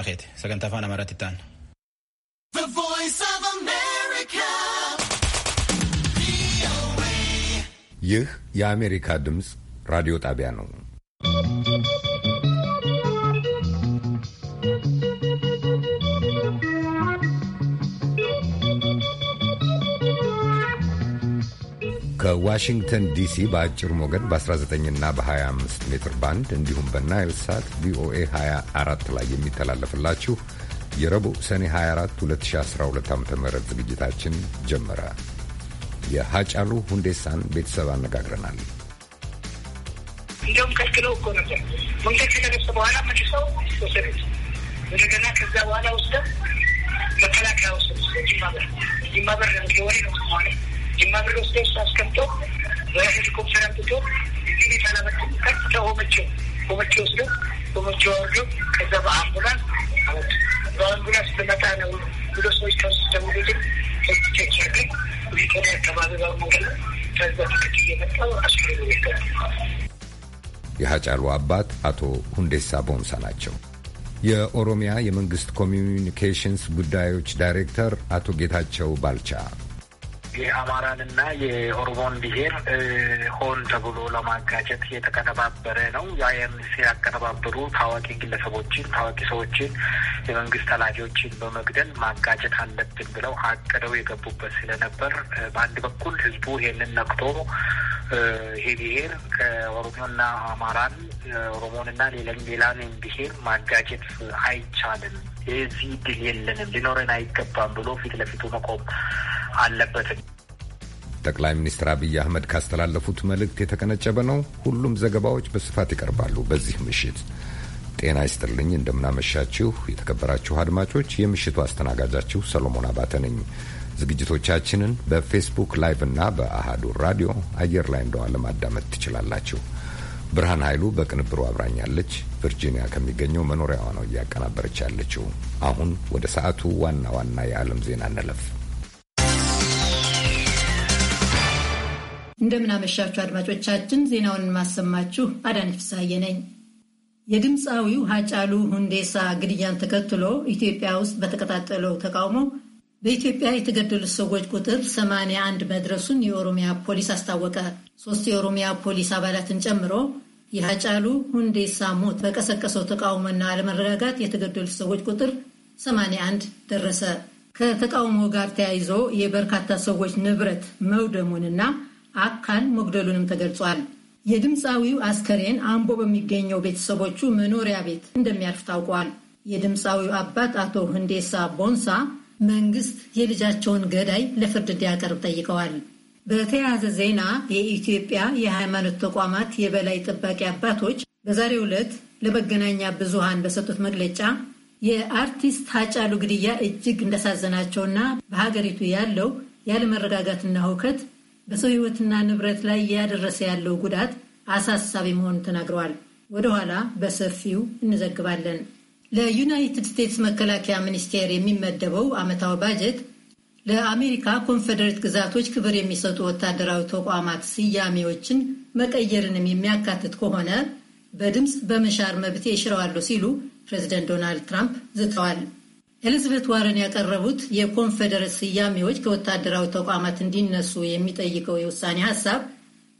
The Voice of America. ይህ y'a Amerika Dums, Radio ነው። ከዋሽንግተን ዲሲ በአጭር ሞገድ በ 19 እና በ25 ሜትር ባንድ እንዲሁም በናይል ሳት ቪኦኤ 24 ላይ የሚተላለፍላችሁ የረቡዕ ሰኔ 24 2012 ዓ ም ዝግጅታችን ጀመረ። የሃጫሉ ሁንዴሳን ቤተሰብ አነጋግረናል። እንዲሁም ከልክለው እኮ ነበር መንገድ ከተገሰ በኋላ መልሰው ወሰደች። እንደገና ከዛ በኋላ ወስደ መከላከያ ወሰደች። ጅማበር ጅማበር ወሬ ነው ሆነ ጅማ ብር ወስደ ውስጥ አስቀምጦ በሄሊኮፕተር አምጥቶ እዚህ ቤት አላመጡም። ቀጥታ ሆመቼ ሆመቼ ወስዶ ሆመቼ ወርዶ ከዛ በአምቡላንስ አመጡ። በአምቡላንስ በመጣ ነው ብሎ ሰዎች ከሱ ደውሎልኝ ቸች ያገኝ አካባቢ በመንገድ ነው። ከዛ ትክት እየመጣው አስክሬኑ ይገ የሀጫሉ አባት አቶ ሁንዴሳ ቦንሳ ናቸው። የኦሮሚያ የመንግሥት ኮሚዩኒኬሽንስ ጉዳዮች ዳይሬክተር አቶ ጌታቸው ባልቻ የአማራንና የኦሮሞን ብሔር ሆን ተብሎ ለማጋጨት የተቀነባበረ ነው። ያም ሲያቀነባበሩ ታዋቂ ግለሰቦችን፣ ታዋቂ ሰዎችን፣ የመንግስት ኃላፊዎችን በመግደል ማጋጨት አለብን ብለው አቅደው የገቡበት ስለነበር በአንድ በኩል ህዝቡ ይሄንን ነክቶ ይሄ ብሔር ከኦሮሞና አማራን ኦሮሞንና ሌላን ብሔር ማጋጨት አይቻልም የዚህ ድል የለንም ሊኖረን አይገባም ብሎ ፊት ለፊቱ መቆም አለበትም። ጠቅላይ ሚኒስትር አብይ አህመድ ካስተላለፉት መልእክት የተቀነጨበ ነው። ሁሉም ዘገባዎች በስፋት ይቀርባሉ በዚህ ምሽት። ጤና ይስጥልኝ፣ እንደምናመሻችሁ የተከበራችሁ አድማጮች። የምሽቱ አስተናጋጃችሁ ሰሎሞን አባተ ነኝ። ዝግጅቶቻችንን በፌስቡክ ላይቭ እና በአሃዱ ራዲዮ አየር ላይ እንደዋለ ማዳመጥ ትችላላችሁ። ብርሃን ኃይሉ በቅንብሩ አብራኛለች። ቨርጂኒያ ከሚገኘው መኖሪያዋ ነው እያቀናበረች ያለችው። አሁን ወደ ሰዓቱ ዋና ዋና የዓለም ዜና እንለፍ። እንደምናመሻችሁ አድማጮቻችን፣ ዜናውን ማሰማችሁ አዳነች ፍስሐዬ ነኝ። የድምፃዊው ሀጫሉ ሁንዴሳ ግድያን ተከትሎ ኢትዮጵያ ውስጥ በተቀጣጠለው ተቃውሞ በኢትዮጵያ የተገደሉት ሰዎች ቁጥር 81 መድረሱን የኦሮሚያ ፖሊስ አስታወቀ። ሶስት የኦሮሚያ ፖሊስ አባላትን ጨምሮ የሀጫሉ ሁንዴሳ ሞት በቀሰቀሰው ተቃውሞና አለመረጋጋት የተገደሉት ሰዎች ቁጥር 81 ደረሰ። ከተቃውሞ ጋር ተያይዞ የበርካታ ሰዎች ንብረት መውደሙንና አካል መጉደሉንም ተገልጿል። የድምፃዊው አስከሬን አምቦ በሚገኘው ቤተሰቦቹ መኖሪያ ቤት እንደሚያርፍ ታውቋል። የድምፃዊው አባት አቶ ህንዴሳ ቦንሳ መንግስት የልጃቸውን ገዳይ ለፍርድ እንዲያቀርብ ጠይቀዋል። በተያያዘ ዜና የኢትዮጵያ የሃይማኖት ተቋማት የበላይ ጠባቂ አባቶች በዛሬው ዕለት ለመገናኛ ብዙሃን በሰጡት መግለጫ የአርቲስት ሀጫሉ ግድያ እጅግ እንዳሳዘናቸውና በሀገሪቱ ያለው ያለመረጋጋትና ሁከት በሰው ህይወትና ንብረት ላይ እያደረሰ ያለው ጉዳት አሳሳቢ መሆኑን ተናግረዋል። ወደኋላ በሰፊው እንዘግባለን። ለዩናይትድ ስቴትስ መከላከያ ሚኒስቴር የሚመደበው ዓመታዊ ባጀት ለአሜሪካ ኮንፌዴሬት ግዛቶች ክብር የሚሰጡ ወታደራዊ ተቋማት ስያሜዎችን መቀየርንም የሚያካትት ከሆነ በድምፅ በመሻር መብት ይሽረዋለሁ ሲሉ ፕሬዚደንት ዶናልድ ትራምፕ ዝተዋል። ኤሊዝቤት ዋረን ያቀረቡት የኮንፌዴሬት ስያሜዎች ከወታደራዊ ተቋማት እንዲነሱ የሚጠይቀው የውሳኔ ሀሳብ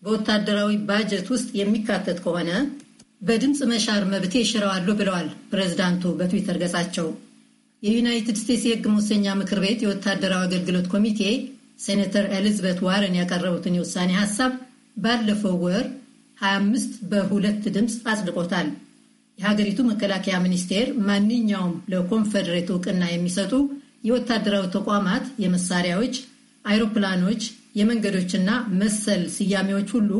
በወታደራዊ ባጀት ውስጥ የሚካተት ከሆነ በድምፅ መሻር መብቴ ይሽረዋለሁ ብለዋል ፕሬዚዳንቱ በትዊተር ገጻቸው። የዩናይትድ ስቴትስ የህግ መወሰኛ ምክር ቤት የወታደራዊ አገልግሎት ኮሚቴ ሴኔተር ኤሊዝቤት ዋረን ያቀረቡትን የውሳኔ ሀሳብ ባለፈው ወር 25 በሁለት ድምፅ አጽድቆታል። የሀገሪቱ መከላከያ ሚኒስቴር ማንኛውም ለኮንፌዴሬት እውቅና የሚሰጡ የወታደራዊ ተቋማት የመሳሪያዎች፣ አይሮፕላኖች፣ የመንገዶችና መሰል ስያሜዎች ሁሉ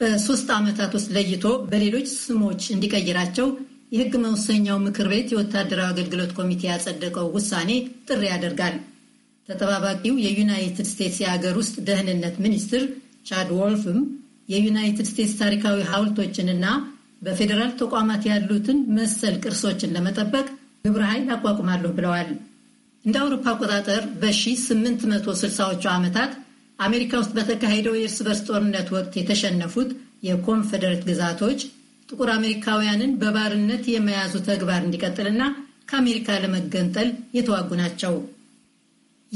በሶስት ዓመታት ውስጥ ለይቶ በሌሎች ስሞች እንዲቀይራቸው የሕግ መወሰኛው ምክር ቤት የወታደራዊ አገልግሎት ኮሚቴ ያጸደቀው ውሳኔ ጥሪ ያደርጋል። ተጠባባቂው የዩናይትድ ስቴትስ የአገር ውስጥ ደህንነት ሚኒስትር ቻድ ወልፍም የዩናይትድ ስቴትስ ታሪካዊ ሐውልቶችንና በፌዴራል ተቋማት ያሉትን መሰል ቅርሶችን ለመጠበቅ ግብረ ኃይል አቋቁማለሁ ብለዋል። እንደ አውሮፓ አቆጣጠር በ1860ዎቹ ዓመታት አሜሪካ ውስጥ በተካሄደው የእርስ በርስ ጦርነት ወቅት የተሸነፉት የኮንፌዴሬት ግዛቶች ጥቁር አሜሪካውያንን በባርነት የመያዙ ተግባር እንዲቀጥልና ከአሜሪካ ለመገንጠል የተዋጉ ናቸው።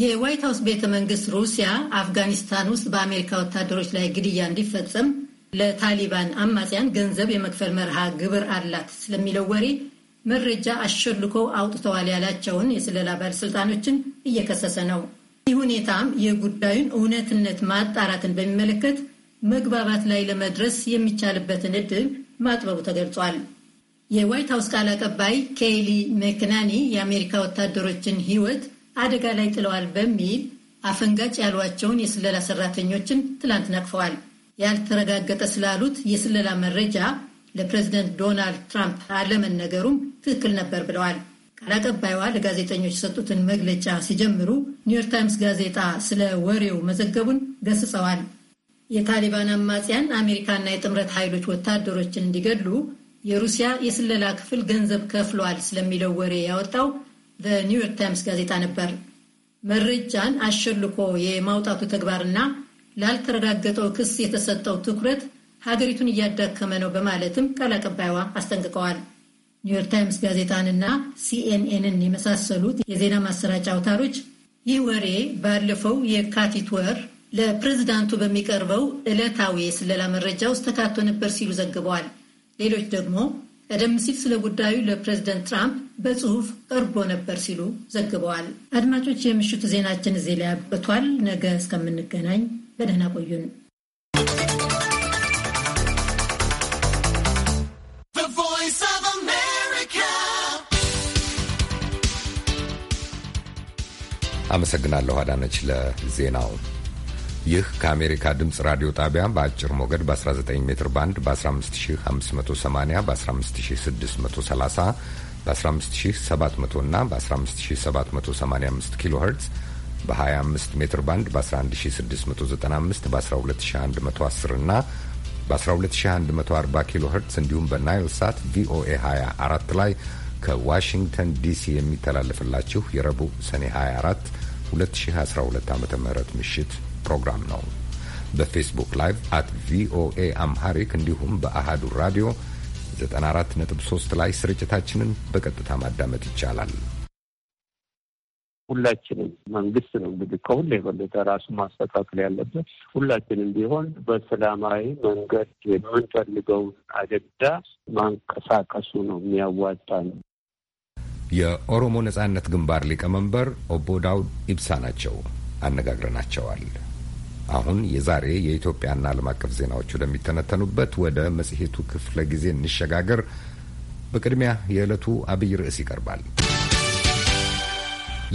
የዋይት ሀውስ ቤተ መንግስት ሩሲያ አፍጋኒስታን ውስጥ በአሜሪካ ወታደሮች ላይ ግድያ እንዲፈጸም ለታሊባን አማጽያን ገንዘብ የመክፈል መርሃ ግብር አላት ስለሚለው ወሬ መረጃ አሸልኮ አውጥተዋል ያላቸውን የስለላ ባለስልጣኖችን እየከሰሰ ነው። ይህ ሁኔታም የጉዳዩን እውነትነት ማጣራትን በሚመለከት መግባባት ላይ ለመድረስ የሚቻልበትን እድል ማጥበቡ ተገልጿል። የዋይት ሀውስ ቃል አቀባይ ኬይሊ መክናኒ የአሜሪካ ወታደሮችን ሕይወት አደጋ ላይ ጥለዋል በሚል አፈንጋጭ ያሏቸውን የስለላ ሰራተኞችን ትላንት ነቅፈዋል። ያልተረጋገጠ ስላሉት የስለላ መረጃ ለፕሬዚደንት ዶናልድ ትራምፕ አለመነገሩም ትክክል ነበር ብለዋል። ቃል አቀባይዋ ለጋዜጠኞች የሰጡትን መግለጫ ሲጀምሩ ኒውዮርክ ታይምስ ጋዜጣ ስለ ወሬው መዘገቡን ገስጸዋል። የታሊባን አማጽያን አሜሪካና የጥምረት ኃይሎች ወታደሮችን እንዲገድሉ የሩሲያ የስለላ ክፍል ገንዘብ ከፍሏል ስለሚለው ወሬ ያወጣው በኒውዮርክ ታይምስ ጋዜጣ ነበር። መረጃን አሸልኮ የማውጣቱ ተግባርና ላልተረጋገጠው ክስ የተሰጠው ትኩረት ሀገሪቱን እያዳከመ ነው በማለትም ቃል አቀባይዋ አስጠንቅቀዋል። ኒውዮርክ ታይምስ ጋዜጣንና ሲኤንኤንን የመሳሰሉት የዜና ማሰራጫ አውታሮች ይህ ወሬ ባለፈው የካቲት ወር ለፕሬዝዳንቱ በሚቀርበው ዕለታዊ የስለላ መረጃ ውስጥ ተካቶ ነበር ሲሉ ዘግበዋል። ሌሎች ደግሞ ቀደም ሲል ስለ ጉዳዩ ለፕሬዝደንት ትራምፕ በጽሁፍ ቀርቦ ነበር ሲሉ ዘግበዋል። አድማጮች፣ የምሽቱ ዜናችን እዚህ ላይ አብቅቷል። ነገ እስከምንገናኝ በደህና ቆዩን። አመሰግናለሁ አዳነች ለዜናው። ይህ ከአሜሪካ ድምፅ ራዲዮ ጣቢያ በአጭር ሞገድ በ19 ሜትር ባንድ በ15580 በ15630 በ15700 እና በ15785 ኪሎ ሄርትዝ በ25 ሜትር ባንድ በ11695 በ12110 እና በ12140 ኪሎ ሄርትዝ እንዲሁም በናይል ሳት ቪኦኤ 24 ላይ ከዋሽንግተን ዲሲ የሚተላለፍላችሁ የረቡዕ ሰኔ 24 2012 ዓ ዓ.ም ምሽት ፕሮግራም ነው። በፌስቡክ ላይቭ አት ቪኦኤ አምሃሪክ እንዲሁም በአሃዱ ራዲዮ 94.3 ላይ ስርጭታችንን በቀጥታ ማዳመጥ ይቻላል። ሁላችንም መንግስት ነው እንግዲህ ከሁሉ የበለጠ ራሱ ማስተካከል ያለበት ሁላችንም ቢሆን በሰላማዊ መንገድ የምንፈልገውን አጀንዳ ማንቀሳቀሱ ነው የሚያዋጣ ነው። የኦሮሞ ነጻነት ግንባር ሊቀመንበር ኦቦ ዳውድ ኢብሳ ናቸው። አነጋግረናቸዋል። አሁን የዛሬ የኢትዮጵያና ዓለም አቀፍ ዜናዎች ወደሚተነተኑበት ወደ መጽሔቱ ክፍለ ጊዜ እንሸጋገር። በቅድሚያ የዕለቱ አብይ ርዕስ ይቀርባል።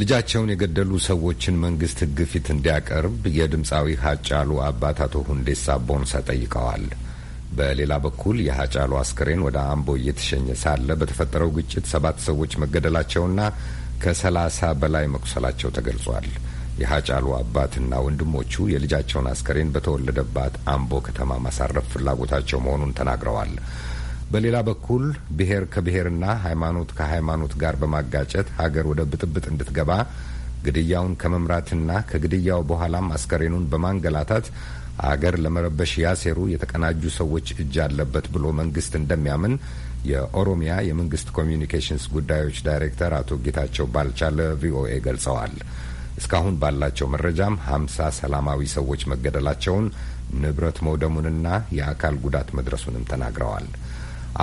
ልጃቸውን የገደሉ ሰዎችን መንግስት ሕግ ፊት እንዲያቀርብ የድምፃዊ ሀጫሉ አባት አቶ ሁንዴሳ ቦንሳ ጠይቀዋል። በሌላ በኩል የሀጫሉ አስክሬን ወደ አምቦ እየተሸኘ ሳለ በተፈጠረው ግጭት ሰባት ሰዎች መገደላቸውና ከሰላሳ በላይ መቁሰላቸው ተገልጿል። የሀጫሉ አባትና ወንድሞቹ የልጃቸውን አስከሬን በተወለደባት አምቦ ከተማ ማሳረፍ ፍላጎታቸው መሆኑን ተናግረዋል። በሌላ በኩል ብሔር ከብሔርና ሃይማኖት ከሃይማኖት ጋር በማጋጨት ሀገር ወደ ብጥብጥ እንድትገባ ግድያውን ከመምራትና ከግድያው በኋላም አስከሬኑን በማንገላታት አገር ለመረበሽ ያሴሩ የተቀናጁ ሰዎች እጅ አለበት ብሎ መንግስት እንደሚያምን የኦሮሚያ የመንግስት ኮሚዩኒኬሽንስ ጉዳዮች ዳይሬክተር አቶ ጌታቸው ባልቻ ለቪኦኤ ገልጸዋል። እስካሁን ባላቸው መረጃም ሀምሳ ሰላማዊ ሰዎች መገደላቸውን ንብረት መውደሙንና የአካል ጉዳት መድረሱንም ተናግረዋል።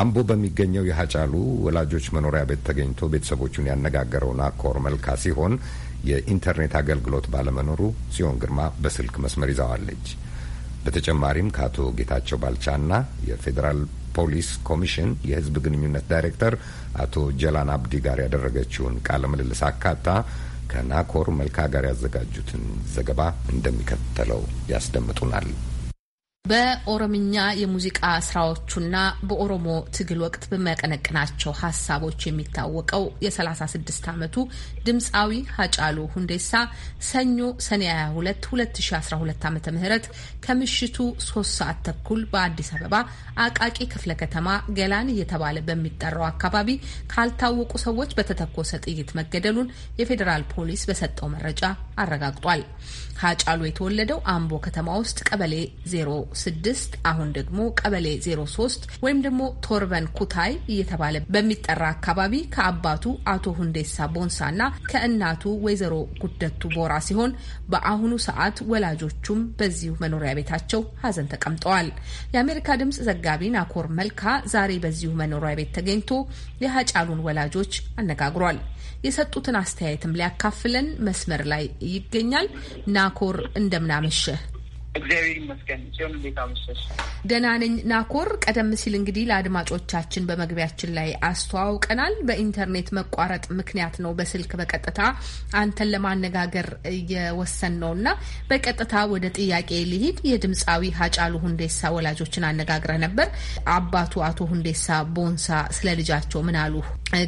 አምቦ በሚገኘው የሀጫሉ ወላጆች መኖሪያ ቤት ተገኝቶ ቤተሰቦቹን ያነጋገረው ናኮር መልካ ሲሆን የኢንተርኔት አገልግሎት ባለመኖሩ ጽዮን ግርማ በስልክ መስመር ይዛዋለች። በተጨማሪም ከአቶ ጌታቸው ባልቻና የፌዴራል ፖሊስ ኮሚሽን የሕዝብ ግንኙነት ዳይሬክተር አቶ ጀላን አብዲ ጋር ያደረገችውን ቃለ ምልልስ አካታ ከናኮር መልካ ጋር ያዘጋጁትን ዘገባ እንደሚከተለው ያስደምጡናል። በኦሮምኛ የሙዚቃ ስራዎቹና በኦሮሞ ትግል ወቅት በሚያቀነቅናቸው ሀሳቦች የሚታወቀው የ36 ዓመቱ ድምፃዊ ሀጫሉ ሁንዴሳ ሰኞ ሰኔ 22 2012 ዓ ም ከምሽቱ 3 ሰዓት ተኩል በአዲስ አበባ አቃቂ ክፍለ ከተማ ገላን እየተባለ በሚጠራው አካባቢ ካልታወቁ ሰዎች በተተኮሰ ጥይት መገደሉን የፌዴራል ፖሊስ በሰጠው መረጃ አረጋግጧል። ሀጫሉ የተወለደው አምቦ ከተማ ውስጥ ቀበሌ 06 አሁን ደግሞ ቀበሌ 03 ወይም ደግሞ ቶርበን ኩታይ እየተባለ በሚጠራ አካባቢ ከአባቱ አቶ ሁንዴሳ ቦንሳ እና ከእናቱ ወይዘሮ ጉደቱ ቦራ ሲሆን በአሁኑ ሰዓት ወላጆቹም በዚሁ መኖሪያ ቤታቸው ሀዘን ተቀምጠዋል። የአሜሪካ ድምጽ ዘጋቢ ናኮር መልካ ዛሬ በዚሁ መኖሪያ ቤት ተገኝቶ የሀጫሉን ወላጆች አነጋግሯል። የሰጡትን አስተያየትም ሊያካፍለን መስመር ላይ ይገኛል። ናኮር እንደምናመሸህ እግዚአብሔር ይመስገን። ሲሆን እንዴት አመሸሽ? ደህና ነኝ ናኮር። ቀደም ሲል እንግዲህ ለአድማጮቻችን በመግቢያችን ላይ አስተዋውቀናል። በኢንተርኔት መቋረጥ ምክንያት ነው በስልክ በቀጥታ አንተን ለማነጋገር እየወሰን ነው እና በቀጥታ ወደ ጥያቄ ሊሂድ የድምፃዊ ሀጫሉ ሁንዴሳ ወላጆችን አነጋግረ ነበር። አባቱ አቶ ሁንዴሳ ቦንሳ ስለ ልጃቸው ምን አሉ?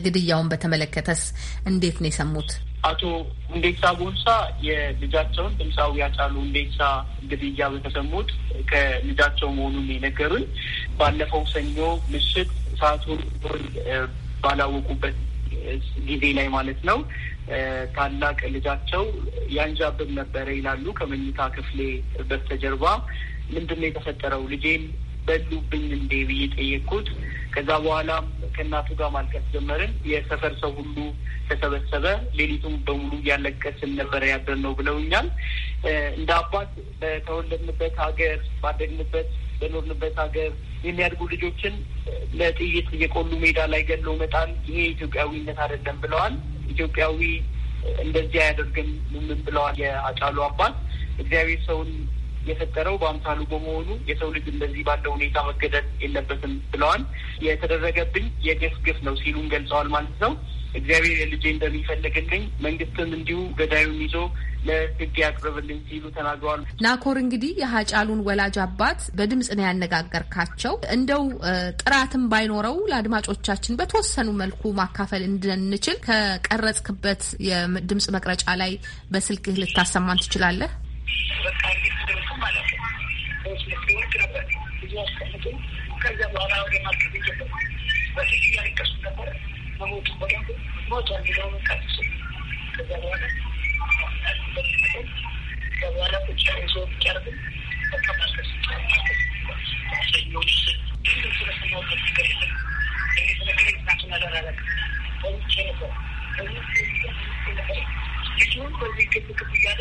ግድያውን በተመለከተስ እንዴት ነው የሰሙት? አቶ ሁንዴሳ ቦንሳ የልጃቸውን ድምፃዊ ያጫሉ ሁንዴሳ ግድያ በተሰሙት ከልጃቸው መሆኑን የነገሩኝ ባለፈው ሰኞ ምሽት ሰዓቱን ባላወቁበት ጊዜ ላይ ማለት ነው። ታላቅ ልጃቸው ያንዣብብ ነበረ ይላሉ። ከመኝታ ክፍሌ በስተጀርባ ምንድን ነው የተፈጠረው? ልጄን በሉብኝ እንዴ ብዬ ጠየቅኩት። ከዛ በኋላ ከእናቱ ጋር ማልቀስ ጀመርን። የሰፈር ሰው ሁሉ ተሰበሰበ። ሌሊቱም በሙሉ እያለቀስን ነበረ ነው ብለውኛል። እንደ አባት በተወለድንበት ሀገር ባደግንበት በኖርንበት ሀገር የሚያድጉ ልጆችን ለጥይት እየቆሉ ሜዳ ላይ ገሎ መጣል ይሄ ኢትዮጵያዊነት አይደለም ብለዋል። ኢትዮጵያዊ እንደዚህ አያደርግም ምን ብለዋል የአጫሉ አባት። እግዚአብሔር ሰውን የፈጠረው በአምሳሉ በመሆኑ የሰው ልጅ እንደዚህ ባለው ሁኔታ መገደል የለበትም ብለዋል። የተደረገብኝ የግፍ ግፍ ነው ሲሉም ገልጸዋል ማለት ነው። እግዚአብሔር የልጄ እንደሚፈልግልኝ መንግስትም እንዲሁ ገዳዩን ይዞ ለህግ ያቅርብልኝ ሲሉ ተናግረዋል። ናኮር እንግዲህ የሀጫሉን ወላጅ አባት በድምጽ ነው ያነጋገርካቸው። እንደው ጥራትም ባይኖረው ለአድማጮቻችን በተወሰኑ መልኩ ማካፈል እንድንችል ከቀረጽክበት የድምጽ መቅረጫ ላይ በስልክህ ልታሰማን ትችላለህ? በቃ እንዴት ደርሱ ማለት ነው። ሁለት ነበር ብዙ አስቀምጡ። ከዛ በኋላ ወደ ማርኬት ጀመሩ። በፊት እያለቀሱ ነበር። መሞቱ በደንብ ሞቱ እንዲለው ቀሱ ከዛ በኋላ ከዛ በኋላ ብቻ ይዞ ብቻ በቃ ማርከስ ሰኞች ስል ነገር የለም እንዴት ነገር ናቱን አደራረግ በውጭ ነበር ልጁን በዚህ ግብ እያለ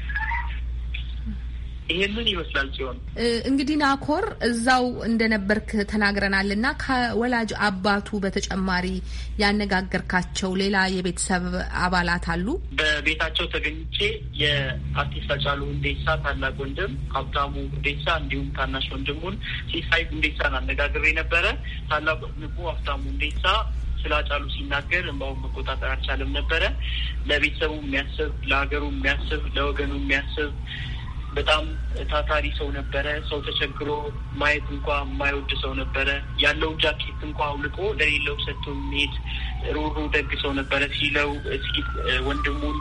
ይሄንን ይመስላል ሲሆን እንግዲህ ናኮር እዛው እንደነበርክ ተናግረናል እና ከወላጅ አባቱ በተጨማሪ ያነጋገርካቸው ሌላ የቤተሰብ አባላት አሉ? በቤታቸው ተገኝቼ የአርቲስት ሃጫሉ ሁንዴሳ ታላቅ ወንድም ሀብታሙ ሁንዴሳ እንዲሁም ታናሽ ወንድሙን ሲሳይ ሁንዴሳን አነጋግሬ ነበረ። ታላቅ ወንድሙ ሀብታሙ ሁንዴሳ ስለ ሃጫሉ ሲናገር እንባውን መቆጣጠር አልቻለም ነበረ። ለቤተሰቡ የሚያስብ ለሀገሩ የሚያስብ ለወገኑ የሚያስብ በጣም ታታሪ ሰው ነበረ። ሰው ተቸግሮ ማየት እንኳ የማይወድ ሰው ነበረ። ያለው ጃኬት እንኳ አውልቆ ለሌለው ሰጥቶ የሚሄድ ሩሩ ደግ ሰው ነበረ ሲለው ሲት ወንድሙን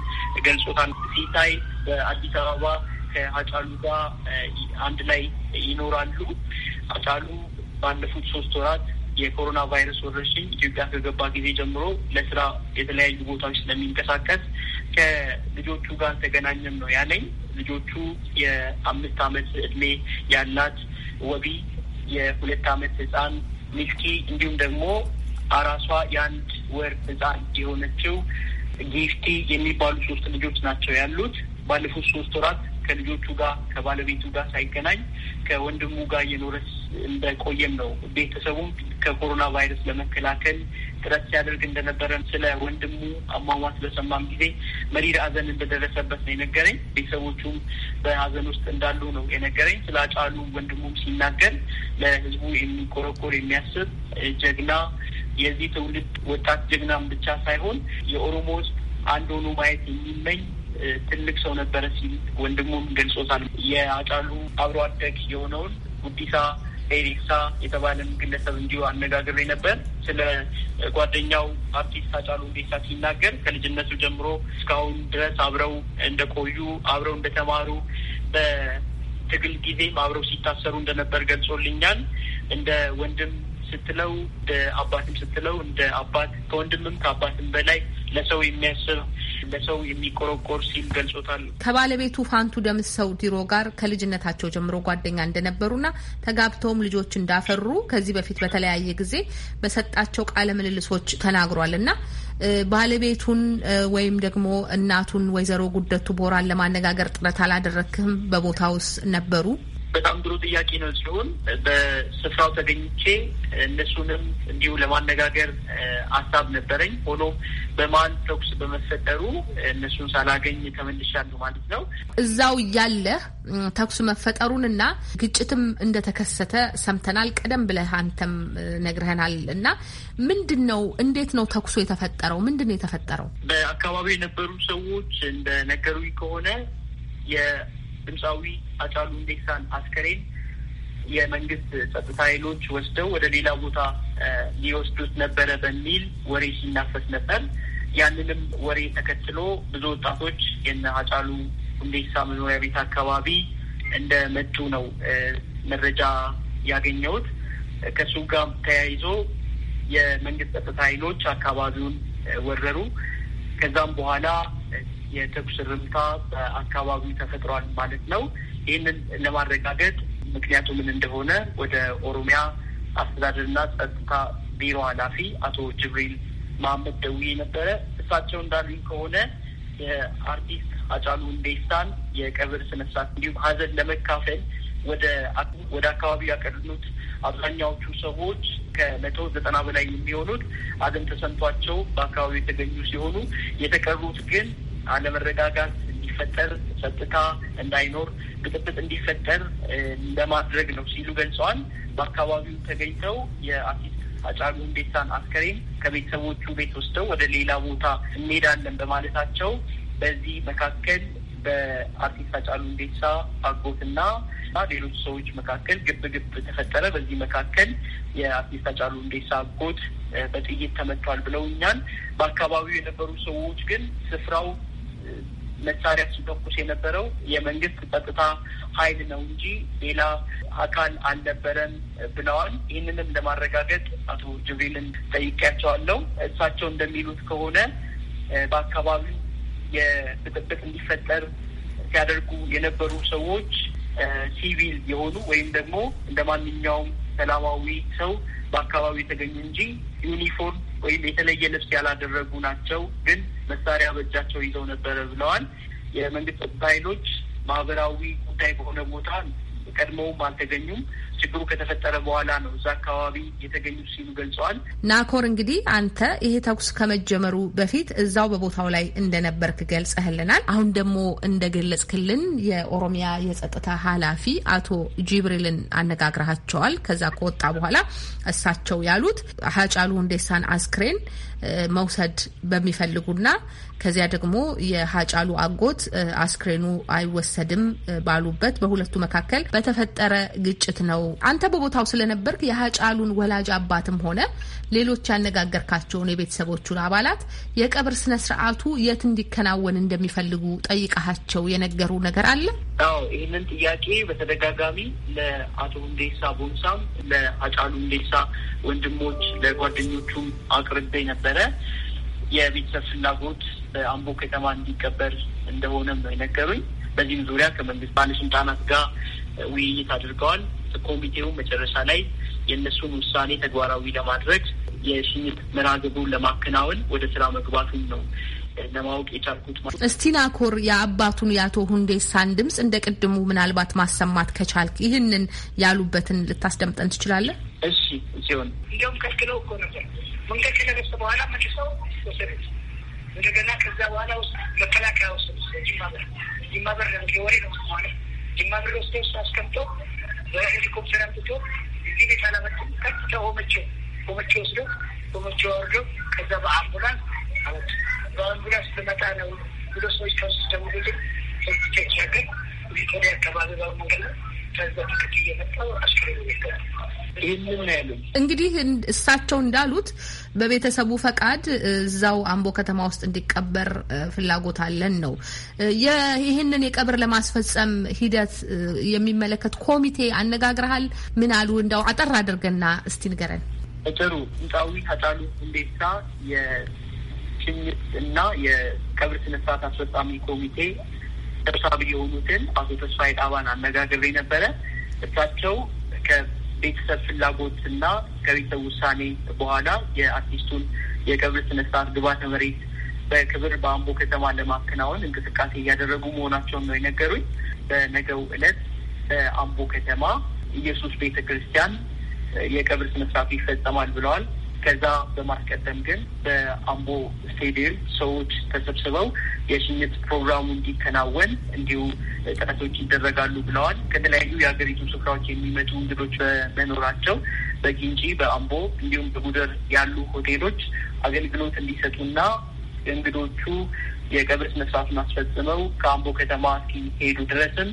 ገልጾታል። ሲታይ በአዲስ አበባ ከአጫሉ ጋር አንድ ላይ ይኖራሉ። አጫሉ ባለፉት ሶስት ወራት የኮሮና ቫይረስ ወረርሽኝ ኢትዮጵያ ከገባ ጊዜ ጀምሮ ለስራ የተለያዩ ቦታዎች ስለሚንቀሳቀስ ከልጆቹ ጋር ተገናኘም ነው ያለኝ። ልጆቹ የአምስት አመት እድሜ ያላት ወቢ፣ የሁለት አመት ህፃን ሚልኪ እንዲሁም ደግሞ አራሷ የአንድ ወር ህፃን የሆነችው ጊፍቲ የሚባሉ ሶስት ልጆች ናቸው ያሉት። ባለፉት ሶስት ወራት ከልጆቹ ጋር ከባለቤቱ ጋር ሳይገናኝ ከወንድሙ ጋር እየኖረች እንደቆየም ነው። ቤተሰቡም ከኮሮና ቫይረስ ለመከላከል ጥረት ሲያደርግ እንደነበረ ስለ ወንድሙ አሟሟት በሰማም ጊዜ መሪር ሐዘን እንደደረሰበት ነው የነገረኝ። ቤተሰቦቹም በሐዘን ውስጥ እንዳሉ ነው የነገረኝ። ስለ አጫሉ ወንድሙም ሲናገር ለሕዝቡ የሚቆረቆር የሚያስብ ጀግና የዚህ ትውልድ ወጣት ጀግናም ብቻ ሳይሆን የኦሮሞ ውስጥ አንድ ሆኖ ማየት የሚመኝ ትልቅ ሰው ነበረ ሲል ወንድሙም ገልጾታል። የአጫሉ አብሮ አደግ የሆነውን ጉዲሳ ኤሪክሳ የተባለን ግለሰብ እንዲሁ አነጋግሬ ነበር። ስለ ጓደኛው አርቲስት አጫሉ ሁንዴሳ ሲናገር ከልጅነቱ ጀምሮ እስካሁን ድረስ አብረው እንደቆዩ አብረው እንደተማሩ በትግል ጊዜም አብረው ሲታሰሩ እንደነበር ገልጾልኛል። እንደ ወንድም ስትለው እንደ አባትም ስትለው እንደ አባት ከወንድምም ከአባትም በላይ ለሰው የሚያስብ ለሰው የሚቆረቆር ሲል ገልጾታል። ከባለቤቱ ፋንቱ ደምሰው ዲሮ ጋር ከልጅነታቸው ጀምሮ ጓደኛ እንደነበሩና ተጋብተውም ልጆች እንዳፈሩ ከዚህ በፊት በተለያየ ጊዜ በሰጣቸው ቃለ ምልልሶች ተናግሯል እና ባለቤቱን ወይም ደግሞ እናቱን ወይዘሮ ጉደቱ ቦራን ለማነጋገር ጥረት አላደረክም? በቦታውስ ነበሩ? በጣም ጥሩ ጥያቄ ነው ሲሆን በስፍራው ተገኝቼ እነሱንም እንዲሁ ለማነጋገር አሳብ ነበረኝ። ሆኖ በመሀል ተኩስ በመፈጠሩ እነሱን ሳላገኝ ተመልሻለሁ ማለት ነው። እዛው እያለ ተኩስ መፈጠሩን እና ግጭትም እንደተከሰተ ሰምተናል። ቀደም ብለህ አንተም ነግረህናል እና ምንድን ነው እንዴት ነው ተኩሶ የተፈጠረው? ምንድን ነው የተፈጠረው? በአካባቢው የነበሩ ሰዎች እንደነገሩኝ ከሆነ ድምፃዊ አጫሉ ሁንዴሳን አስከሬን የመንግስት ጸጥታ ኃይሎች ወስደው ወደ ሌላ ቦታ ሊወስዱት ነበረ በሚል ወሬ ሲናፈስ ነበር። ያንንም ወሬ ተከትሎ ብዙ ወጣቶች የነ አጫሉ ሁንዴሳ መኖሪያ ቤት አካባቢ እንደ መጡ ነው መረጃ ያገኘሁት። ከእሱ ጋር ተያይዞ የመንግስት ጸጥታ ኃይሎች አካባቢውን ወረሩ። ከዛም በኋላ የተኩስ እርምታ በአካባቢው ተፈጥሯል ማለት ነው። ይህንን ለማረጋገጥ ምክንያቱ ምን እንደሆነ ወደ ኦሮሚያ አስተዳደርና ጸጥታ ቢሮ ኃላፊ አቶ ጅብሪል መሀመድ ደውዬ ነበረ። እሳቸው እንዳሉ ከሆነ የአርቲስት አጫሉ ሁንዴሳን የቀብር ስነስርዓት እንዲሁም ሀዘን ለመካፈል ወደ ወደ አካባቢው ያቀርኑት አብዛኛዎቹ ሰዎች ከመቶ ዘጠና በላይ የሚሆኑት አገን ተሰምቷቸው በአካባቢው የተገኙ ሲሆኑ የተቀሩት ግን አለመረጋጋት እንዲፈጠር፣ ጸጥታ እንዳይኖር፣ ብጥብጥ እንዲፈጠር ለማድረግ ነው ሲሉ ገልጸዋል። በአካባቢው ተገኝተው የአርቲስት አጫሉ ሁንዴሳን አስከሬን ከቤተሰቦቹ ቤት ወስደው ወደ ሌላ ቦታ እንሄዳለን በማለታቸው በዚህ መካከል በአርቲስት አጫሉ ሁንዴሳ አጎትና ሌሎች ሰዎች መካከል ግብግብ ተፈጠረ። በዚህ መካከል የአርቲስት አጫሉ ሁንዴሳ አጎት በጥይት ተመቷል ብለውኛል። በአካባቢው የነበሩ ሰዎች ግን ስፍራው መሳሪያ ሲተኩስ የነበረው የመንግስት ጸጥታ ኃይል ነው እንጂ ሌላ አካል አልነበረም ብለዋል። ይህንንም ለማረጋገጥ አቶ ጅብሪልን ጠይቄያቸዋለሁ። እሳቸው እንደሚሉት ከሆነ በአካባቢው የብጥብጥ እንዲፈጠር ሲያደርጉ የነበሩ ሰዎች ሲቪል የሆኑ ወይም ደግሞ እንደ ማንኛውም ሰላማዊ ሰው በአካባቢ የተገኙ እንጂ ዩኒፎርም ወይም የተለየ ልብስ ያላደረጉ ናቸው፣ ግን መሳሪያ በእጃቸው ይዘው ነበረ ብለዋል። የመንግስት ጸጥታ ኃይሎች ማህበራዊ ጉዳይ በሆነ ቦታ ቀድሞውም አልተገኙም። ችግሩ ከተፈጠረ በኋላ ነው እዛ አካባቢ የተገኙ ሲሉ ገልጸዋል። ናኮር እንግዲህ አንተ ይሄ ተኩስ ከመጀመሩ በፊት እዛው በቦታው ላይ እንደነበርክ ገልጸህልናል። አሁን ደግሞ እንደገለጽክልን የኦሮሚያ የጸጥታ ኃላፊ አቶ ጅብሪልን አነጋግረሃቸዋል። ከዛ ከወጣ በኋላ እሳቸው ያሉት ሀጫሉ ሁንዴሳን አስክሬን መውሰድ በሚፈልጉና ከዚያ ደግሞ የሀጫሉ አጎት አስክሬኑ አይወሰድም ባሉበት በሁለቱ መካከል በተፈጠረ ግጭት ነው። አንተ በቦታው ስለነበርክ የሀጫሉን ወላጅ አባትም ሆነ ሌሎች ያነጋገርካቸውን የቤተሰቦቹን አባላት የቀብር ስነ ስርዓቱ የት እንዲከናወን እንደሚፈልጉ ጠይቃቸው የነገሩ ነገር አለ? አዎ፣ ይህንን ጥያቄ በተደጋጋሚ ለአቶ ሁንዴሳ ቦንሳም፣ ለአጫሉ ሁንዴሳ ወንድሞች፣ ለጓደኞቹም አቅርቤ ነበረ። የቤተሰብ ፍላጎት በአምቦ ከተማ እንዲቀበር እንደሆነም ነገሩኝ። በዚህም ዙሪያ ከመንግስት ባለስልጣናት ጋር ውይይት አድርገዋል። ኮሚቴው መጨረሻ ላይ የእነሱን ውሳኔ ተግባራዊ ለማድረግ የሽኝት መርሃ ግብሩን ለማከናወን ወደ ስራ መግባቱን ነው ለማወቅ የቻልኩት። ማለት እስቲ ናኮር የአባቱን የአቶ ሁንዴሳን ድምፅ እንደ ቅድሙ ምናልባት ማሰማት ከቻልክ ይህንን ያሉበትን ልታስደምጠን ትችላለህ? እሺ ሲሆን እንዲሁም ከልክለው እኮ ነበር መንገድ ከተደሰ በኋላ መልሰው ወሰደች እንደገና ከዛ በኋላ ውስጥ መከላከያ ውስጥ ጅማበር በር ጅማ ወሬ ነው ሆነ ጅማበር ውስጥ ውስጥ አስቀምጦ በሄሊኮፕተር አምጥቶ እዚህ ቤት አላመጥም ቀጥታ ሆመቼ ሆመቼ ወስዶ ሆመቼ ወርዶ ከዛ በአምቡላንስ አመጡ። በአምቡላንስ ልመጣ ነው ብሎ ሰዎች ከሱ ደውሉልኝ ተቻገር ቪቶሪ አካባቢ ባሉ መንገድ ከዛ ትክት እየመጣው አስክሬኑ ቤት እንግዲህ እሳቸው እንዳሉት በቤተሰቡ ፈቃድ እዛው አምቦ ከተማ ውስጥ እንዲቀበር ፍላጎት አለን ነው። ይህንን የቀብር ለማስፈጸም ሂደት የሚመለከት ኮሚቴ አነጋግረሃል? ምን አሉ? እንዳው አጠር አድርገና እስቲ ንገረን። ጥሩ ጥንታዊ ሀጫሉ ሁንዴሳ የሽኝት እና የቀብር ስነስርዓት አስፈጻሚ ኮሚቴ ሰብሳቢ የሆኑትን አቶ ተስፋዬ ጣባን አነጋግሬ ነበረ። እሳቸው ቤተሰብ ፍላጎትና ከቤተሰብ ውሳኔ በኋላ የአርቲስቱን የቀብር ስነስርዓት ግብዓተ መሬት በክብር በአምቦ ከተማ ለማከናወን እንቅስቃሴ እያደረጉ መሆናቸውን ነው የነገሩኝ። በነገው ዕለት በአምቦ ከተማ ኢየሱስ ቤተ ክርስቲያን የቀብር ስነስርዓቱ ይፈጸማል ብለዋል። ከዛ በማስቀደም ግን በአምቦ ስቴዲየም ሰዎች ተሰብስበው የሽኝት ፕሮግራሙ እንዲከናወን እንዲሁ ጥረቶች ይደረጋሉ ብለዋል። ከተለያዩ የሀገሪቱ ስፍራዎች የሚመጡ እንግዶች በመኖራቸው በጊንጂ በአምቦ እንዲሁም በጉደር ያሉ ሆቴሎች አገልግሎት እንዲሰጡና እንግዶቹ የቀብር ስነስርዓቱን አስፈጽመው ከአምቦ ከተማ እስኪሄዱ ድረስም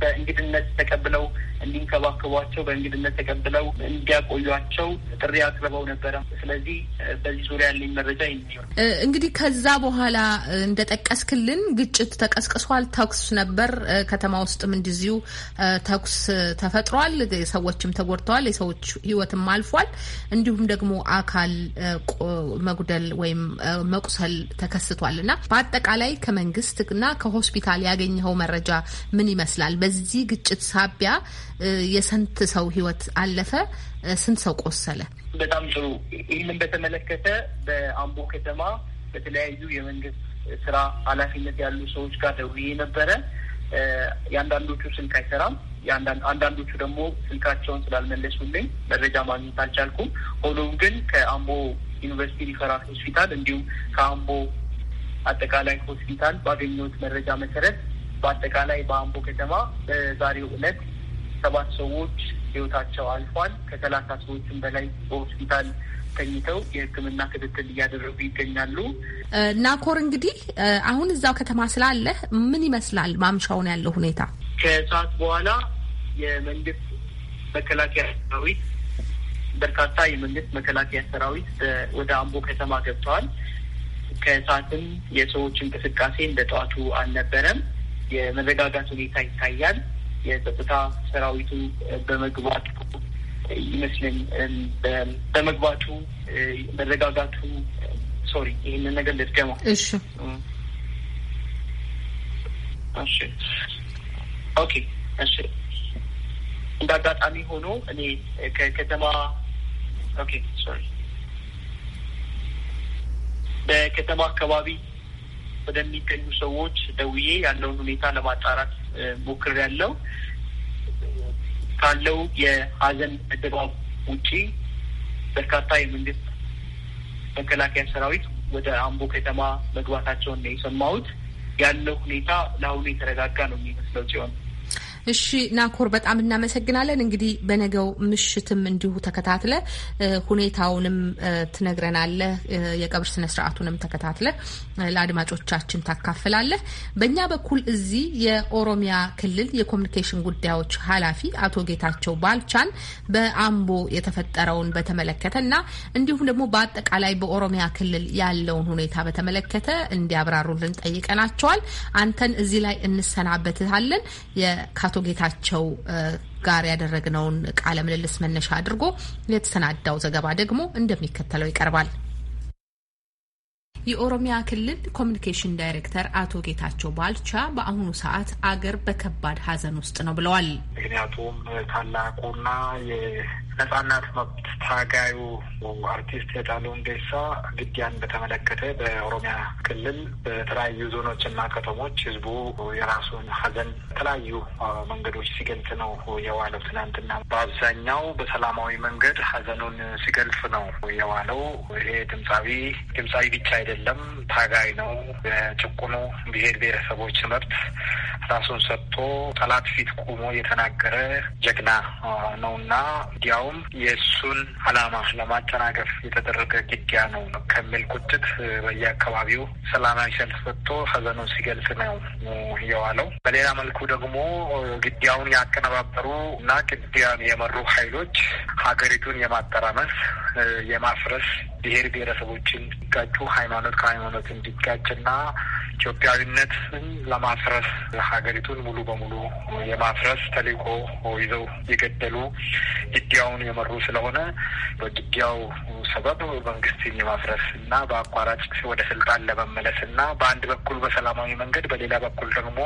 በእንግድነት ተቀብለው እንዲንከባከቧቸው በእንግድነት ተቀብለው እንዲያቆዩቸው ጥሪ አቅርበው ነበረ። ስለዚህ በዚህ ዙሪያ ያለኝ መረጃ ይሆን እንግዲህ ከዛ በኋላ እንደ ጠቀስክልን ግጭት ተቀስቅሷል። ተኩስ ነበር። ከተማ ውስጥም እንዲዚሁ ተኩስ ተፈጥሯል። ሰዎችም ተጎድተዋል። የሰዎች ህይወትም አልፏል። እንዲሁም ደግሞ አካል መጉደል ወይም መቁሰል ተከስቷል እና በአጠቃላይ ከመንግስትና ከሆስፒታል ያገኘኸው መረጃ ምን ይመስላል? በዚህ ግጭት ሳቢያ የስንት ሰው ህይወት አለፈ? ስንት ሰው ቆሰለ? በጣም ጥሩ። ይህንን በተመለከተ በአምቦ ከተማ በተለያዩ የመንግስት ስራ ኃላፊነት ያሉ ሰዎች ጋር ደውዬ ነበረ። የአንዳንዶቹ ስልክ አይሰራም፣ አንዳንዶቹ ደግሞ ስልካቸውን ስላልመለሱልኝ መረጃ ማግኘት አልቻልኩም። ሆኖም ግን ከአምቦ ዩኒቨርሲቲ ሪፈራል ሆስፒታል እንዲሁም ከአምቦ አጠቃላይ ሆስፒታል ባገኘሁት መረጃ መሰረት በአጠቃላይ በአምቦ ከተማ በዛሬው ዕለት ሰባት ሰዎች ህይወታቸው አልፏል። ከሰላሳ ሰዎችም በላይ በሆስፒታል ተኝተው የሕክምና ክትትል እያደረጉ ይገኛሉ። ናኮር እንግዲህ አሁን እዛው ከተማ ስላለህ ምን ይመስላል ማምሻውን ያለው ሁኔታ? ከሰዓት በኋላ የመንግስት መከላከያ ሰራዊት በርካታ የመንግስት መከላከያ ሰራዊት ወደ አምቦ ከተማ ገብተዋል። ከሰዓትም የሰዎች እንቅስቃሴ እንደ ጠዋቱ አልነበረም። የመረጋጋት ሁኔታ ይታያል። የጸጥታ ሰራዊቱ በመግባቱ ይመስልን በመግባቱ መረጋጋቱ ሶሪ፣ ይህንን ነገር ልድገማ። እሺ፣ እሺ፣ ኦኬ፣ እሺ። እንደ አጋጣሚ ሆኖ እኔ ከከተማ ኦኬ፣ ሶሪ በከተማ አካባቢ ወደሚገኙ ሰዎች ደውዬ ያለውን ሁኔታ ለማጣራት ሞክር ያለው ካለው የሀዘን ድባብ ውጪ በርካታ የመንግስት መከላከያ ሰራዊት ወደ አምቦ ከተማ መግባታቸውን ነው የሰማሁት። ያለው ሁኔታ ለአሁኑ የተረጋጋ ነው የሚመስለው ሲሆን እሺ ናኮር በጣም እናመሰግናለን። እንግዲህ በነገው ምሽትም እንዲሁ ተከታትለ ሁኔታውንም ትነግረናለህ። የቀብር ስነስርዓቱንም ተከታትለ ለአድማጮቻችን ታካፍላለህ። በእኛ በኩል እዚህ የኦሮሚያ ክልል የኮሚኒኬሽን ጉዳዮች ኃላፊ አቶ ጌታቸው ባልቻን በአምቦ የተፈጠረውን በተመለከተ እና እንዲሁም ደግሞ በአጠቃላይ በኦሮሚያ ክልል ያለውን ሁኔታ በተመለከተ እንዲያብራሩልን ጠይቀናቸዋል። አንተን እዚህ ላይ እንሰናበትሃለን። ከአቶ ጌታቸው ጋር ያደረግነውን ቃለ ምልልስ መነሻ አድርጎ የተሰናዳው ዘገባ ደግሞ እንደሚከተለው ይቀርባል። የኦሮሚያ ክልል ኮሚኒኬሽን ዳይሬክተር አቶ ጌታቸው ባልቻ በአሁኑ ሰዓት አገር በከባድ ሐዘን ውስጥ ነው ብለዋል። ምክንያቱም ታላቁና ነጻነት መብት ታጋዩ አርቲስት የጣሉ እንዴሳ ግድያን በተመለከተ በኦሮሚያ ክልል በተለያዩ ዞኖች እና ከተሞች ህዝቡ የራሱን ሀዘን በተለያዩ መንገዶች ሲገልጽ ነው የዋለው። ትናንትና በአብዛኛው በሰላማዊ መንገድ ሀዘኑን ሲገልጽ ነው የዋለው። ይሄ ድምፃዊ ድምፃዊ ብቻ አይደለም፣ ታጋይ ነው። የጭቁኑ ብሄር ብሄረሰቦች መብት ራሱን ሰጥቶ ጠላት ፊት ቆሞ የተናገረ ጀግና ነውና እንዲያውም እንደውም የእሱን አላማ ለማጨናገፍ የተደረገ ግድያ ነው ከሚል ቁጭት በየአካባቢው ሰላማዊ ሰልፍ ወጥቶ ሀዘኑን ሲገልጽ ነው የዋለው። በሌላ መልኩ ደግሞ ግድያውን ያቀነባበሩ እና ግድያን የመሩ ኃይሎች ሀገሪቱን የማጠራመስ የማፍረስ ብሔር ብሔረሰቦችን እንዲጋጩ ሃይማኖት ከሃይማኖት እንዲጋጭና ኢትዮጵያዊነትን ለማፍረስ ሀገሪቱን ሙሉ በሙሉ የማፍረስ ተልዕኮ ይዘው የገደሉ ግድያውን ስራውን የመሩ ስለሆነ በግድያው ሰበብ መንግስትን የማፍረስ እና በአቋራጭ ወደ ስልጣን ለመመለስ እና በአንድ በኩል በሰላማዊ መንገድ በሌላ በኩል ደግሞ